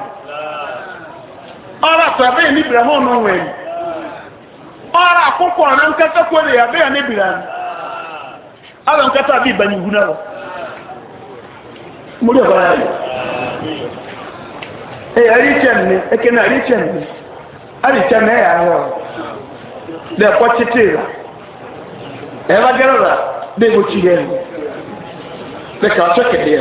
ọ̀rọ̀ àtúrò bẹ́ẹ̀ níbi àhọ́nà wẹ̀yìn ọrụ akwụkwọ na nkata kwere ya be ya mebiri anyị abụ nkata abịa ịbanye ugwu n'ahụ mmiri ọbara ya ee ari iche nne ekene ari iche nne ari iche e, ya ahụ na dị ịra ebe agara ụra e, egbochi ya enu dị ka ọchọ ya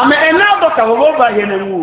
ama ene abụ ka ihe na-enwu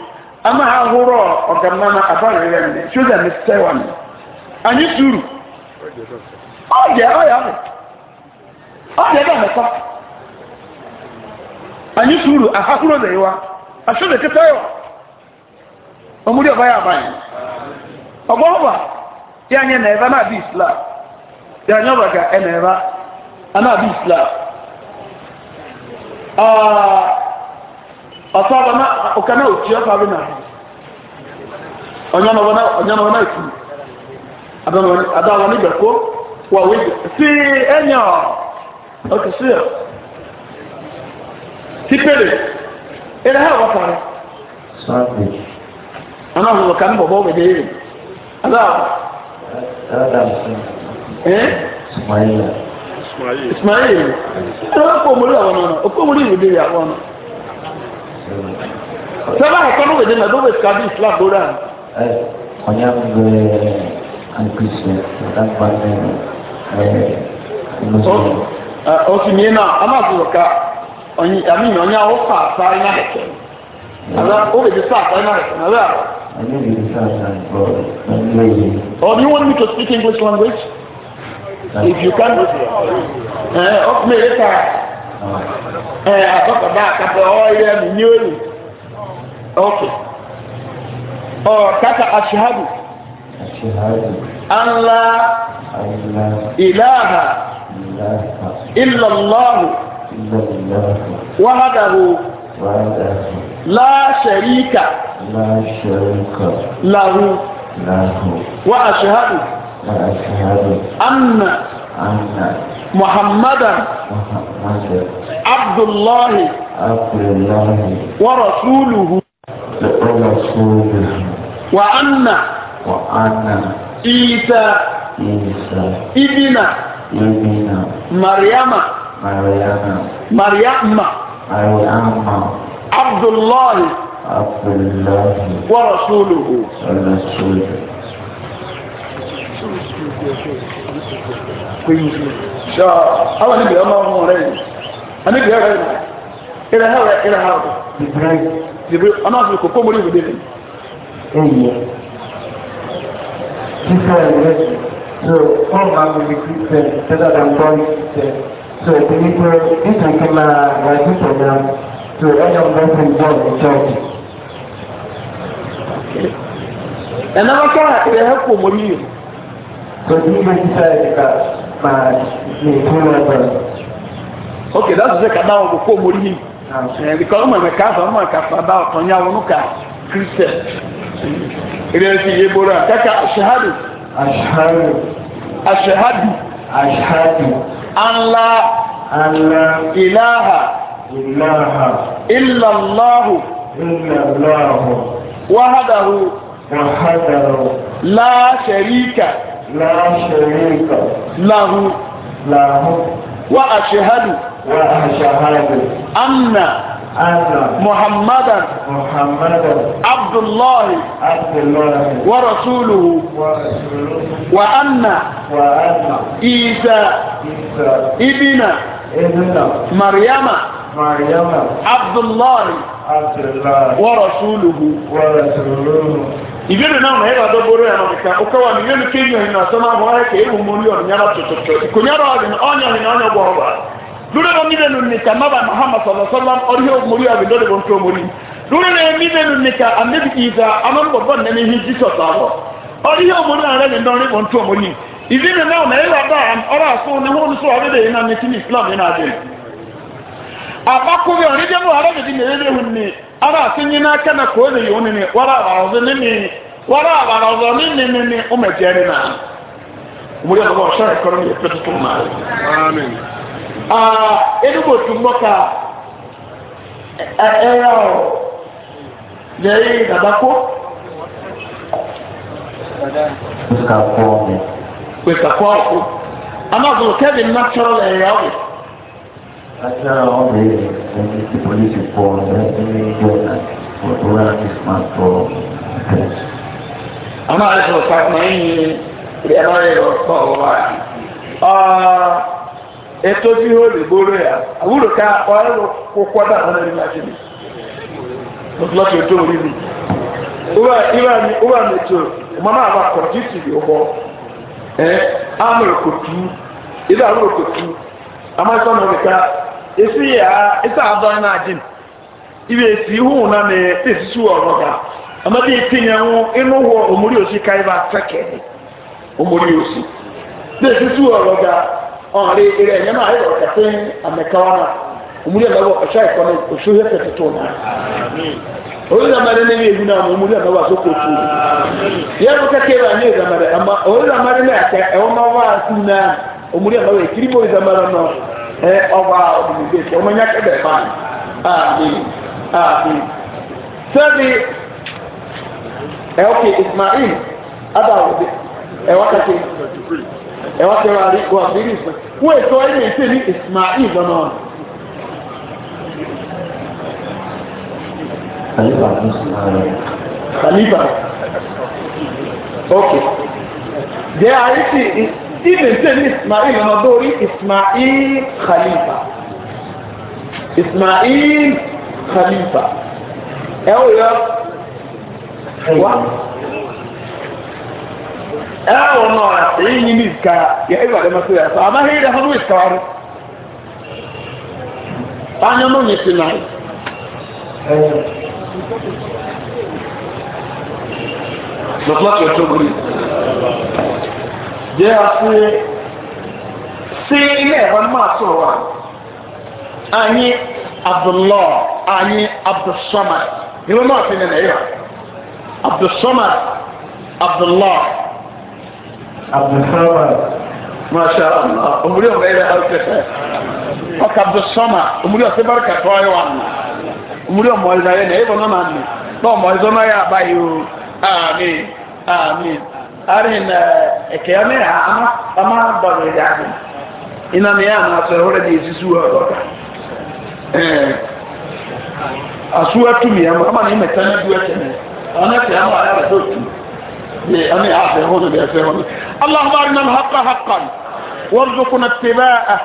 ama ha hụrụ ọganana abalị ya nne shoda mr wani anyị turu ọ dị ya ahụ ọ dị ebe amụta anyị turu ahakụrụ da iwa ashoda kịta ya omuri ọba ya abanye ọgbọ ọba ya nye na ebe na-abịa islam ya anya ọba ga ebe na-ebe a na islam ọsọ ọba na ọka na otu ọsọ abụ na onye ọba na onye ọba na otu ada ọba na ibekọ wa wee si enyo otu si ya tipere na ha ọbasara
ana ọhụrụ ka mbọ bọọ bebe ere ada ee ismail ismail
na wọ́n kọ́ ọmọdé àwọn ọ̀nà ọkọ̀ ọmọdé ìwé bèrè àwọn sábà ẹ̀kọ́ ló náà ló wèdè islam lórí
ẹ ọ̀nyá ń bẹ àgbèsè ìdágbàgbẹ́ ẹ ìmọ̀sọ̀rọ̀.
oṣù mìíràn náà a máa sọ̀rọ̀ ká àmì ìyọ̀nyá ó fà sá iná ẹ̀kẹ́ àlá ó wèdè sá àtà iná ẹ̀kẹ́ nàlẹ́ àrọ̀. Or do you want me to speak English language? If you can,
uh, okay,
ẹ akọkọba akapa ọyẹ mi ní oyi ọkè ọ kata asihadu
anla ilaha illallahu wahadahu la
sharika
lahu wa asihadu anna. محمدا
عبد الله
ورسوله وأن
عيسى ابن مريم مريم عبد الله
ورسوله ورسوله
sọ
awọn níbi ọmọ ọmọ rẹ yìí ẹni bí ẹrẹ yìí ìrẹ ha rẹ ìrẹ ha rẹ ìbí ọmọ àti kòkó mórí ìbùdó mi. ẹyẹ
títẹ rẹ so wọn máa ń bí títẹ tẹlẹ dàn bọ títẹ so òbí ní pé nítorí kí n máa wà ní ìtọ́jú náà so ẹ̀yọ́ ń bọ́ fún bọ́ọ̀lù ìjọ́ọ̀jì.
ẹ̀nà wọn kọ́ àtẹ̀yẹ kò mórí yìí.
so ìdílé títẹ rẹ kà by the Holy
Okay, that's the kind of go mo ri. Ah, eh, because my ka fa ma ka fa ba ton ya wonu ka Christian. Ile ti ye bora kaka ashhadu. Ashhadu. Ashhadu. Ashhadu. Allah. Allah. Ilaha. Ilaha. Illa Allah. Illa Allah. La
sharika. لا شريك له له وأشهد وأشهد أن محمدا محمدا عبد الله عبد الله
ورسوله ورسوله وأن وأن عيسى ابن ابن مريم مريم عبد الله
عبد الله
ورسوله ورسوله ìbéèrè náà mọ̀ ẹ́bà dọ́gbóró ẹ̀ nọ̀mìkà ọkọ̀ wa ní yẹnu kéèyàn yìí náà sọ́nà àwọn ẹ̀kẹ́ ewu mọ́rí ọ̀nà yàrá tuntun ìkònyàrá ọ̀gbìn ọ̀nyà ọ̀gbìn ọ̀nyà ọ̀gbọ̀ ọ̀gbà lórí ẹ̀rọ mílẹ̀ nù nìkà má ba mahama sọ̀rọ̀ sọ́lá ọ̀rí ewu mọ́rí ọ̀gbìn lórí ẹ̀rọ tó mọ́rí lórí ẹ̀rọ mílẹ̀ nù nìkà anabi ìza amábọ̀bọ̀ nẹ́ni hi jesus àwọ̀ ọ̀rí ewu mọ́rí ọ̀rẹ́ ni dọ́rin ẹ̀rọ tó mọ́rí ìbéèrè náà mọ̀ ẹ́bà dá ọ̀rọ̀ àfọ̀ ní wọ́n abakubi oni de mu ara de di mere hunni ara sinyi na kana ko de yoni ne wara ara de ne ne wara ara de ne ne ne ne o me jere na muri ko ba sha ko ni pe to ma amen ah edu eh, eh, eh, oh. bo tu moka e e ya o de yi da ba ko
ka ko ni ka ko
ana zo natural e ya
Actually, all the NDC police report that any government for rural is not for defense. Àwọn àlejò pàtàkì yìí ẹ̀rọ ẹ̀rọ sọ wá. Ètò tí ó
lè gbóró yà, àwúrò ká ọ̀rọ̀ kó kọ́dà wọn lórí máa ṣe mi. Mo ti lọ́sọ̀ ètò orí mi. Ìwà mi ètò mọ́nà àwọn akọ̀rọ̀ tí ì sì lè bọ̀. Ẹ á mọ̀ èkó tú, ìdá àwúrò kò tú, àmọ́ ìsọ̀nà òrìká esi ya isa adọ na ajin ibe esi ihu na na esi su ọrọ ga amadi etinye nwụ ịnụ hụ omori osi ka ịba sekere omori osi na esi su ọrọ ga ọrị ịrị enye na ayọ kete amekawa na omori ẹmẹwọ ọsọ ẹkọ na osu hefe tuntun na orí lamari ní ewu náà mo múlẹ̀ náà wà sókè òtún yẹ kó kékeré wà ní ìzamari àmà orí lamari náà kẹ ẹ̀wọ́n máa wá sí náà òmùlẹ̀ náà wà èkìrí bó ìzamari náà ẹ ọba ọdúnmọdé tí ọmọ nyá kẹbẹ bá mi àmì àmì sẹbi ẹ ọkẹ ismail adáwọdé ẹ wá kẹkẹ ẹ wá kẹwàá rí wà sí rí ìsìn wọn èso ẹ ní ìsìn ní ismail lọnà ọnà.
Khalifa Khalifa
okay there are Even saying Ismail Amadori, Ismail Khalifa. Ismail Khalifa. Ẹ
o yọ
wa.
Ẹ wọ náà èyí yìí ní ìka yẹ ẹ wàlẹ́ máa sọ̀rọ̀ ẹ̀fọ́. Àmọ́ ẹ̀yẹ́dẹ̀ hàn ní ìka wa rẹ̀. Báyọ̀ náà yẹ ti náà.
Lọ́pọ̀ tó tó gbé.
jẹ́ àti sí ilé ẹ̀rọ máa sọ̀rọ̀ wa anyi abdullah anyi abdulsamad ni wọ́n máa fi nínú ẹ̀yà abdulsamad abdullah
abdulsamad masha allah omuri ọba ẹ̀rọ alkẹsẹ
ọkà abdulsamad omuri ọsẹ barika tó ayé wa nù omuri ọmọ ẹ̀rọ ayé nà ẹ̀yẹ bọ̀ nọ nà nù náà ọmọ ẹ̀rọ náà yà abáyé o amen amen. arin ekeyame ha ama ama bari yadi ina me ana so hore di sisu ha doka eh asu atumi ama ama ni meta na duwa tene ana te ama ala do tu ni ami ha be hono be se hono allahumma arina alhaqa haqqan warzuqna ittiba'ah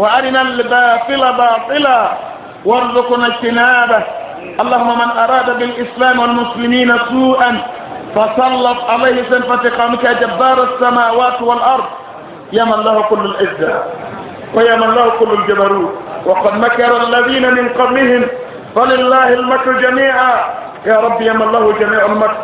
wa arina albatila batila warzuqna ijtinabah اللهم من أراد بالإسلام والمسلمين سوءا فسلط عليه سلف فتقامك جبار السماوات والأرض يا من له كل العزة ويا من له كل الجبروت وقد مكر الذين من قبلهم فلله المكر جميعا يا رب يا من له جميع المكر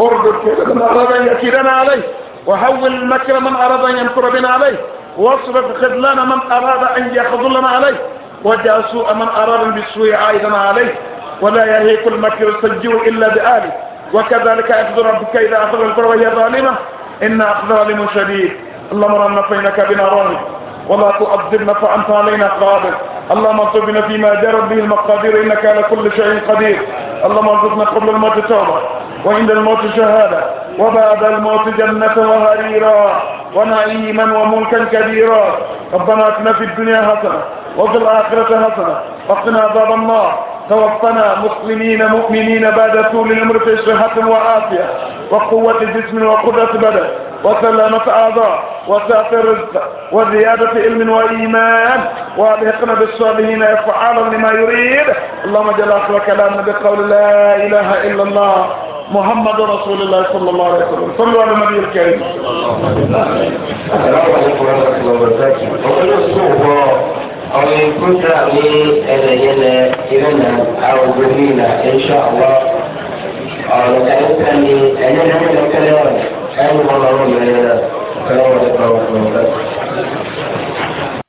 اردد كيد من أراد أن يكيدنا عليه وهول المكر من أراد أن ينكر بنا عليه واصرف خذلان من أراد أن يخذلنا عليه وجاء سوء من أراد بالسوء عائدنا عليه ولا يهيك المكر السجيء إلا بآله وكذلك أخذ ربك إذا أخذ القرى وهي ظالمة إن أخذ ظالم شديد اللهم رمنا فينك بنا رمي ولا تؤذبنا فأنت علينا قادر اللهم ارزقنا فيما جرت به المقادير إنك على كل شيء قدير اللهم ارزقنا قبل الموت توبة وعند الموت شهادة وبعد الموت جنة وهريرا ونعيما وملكا كبيرا ربنا اتنا في الدنيا حسنة وفي الآخرة حسنة وقنا عذاب النار توفنا مسلمين مؤمنين بعد طول العمر في صحة وعافية وقوة جسم وقدرة بدن وسلامة أعضاء وسعة الرزق وزيادة علم وإيمان وابهقنا بالصالحين افعالا لما يريد اللهم جل آخر كلامنا بقول لا إله إلا الله محمد رسول الله صلى الله عليه وسلم صلوا على النبي الكريم
الله
أولي كنت أولي إلينا إلينا أو بهينا إن شاء الله أو إن أني أنا لم أكلم أنا مرة إلينا كلاوة الله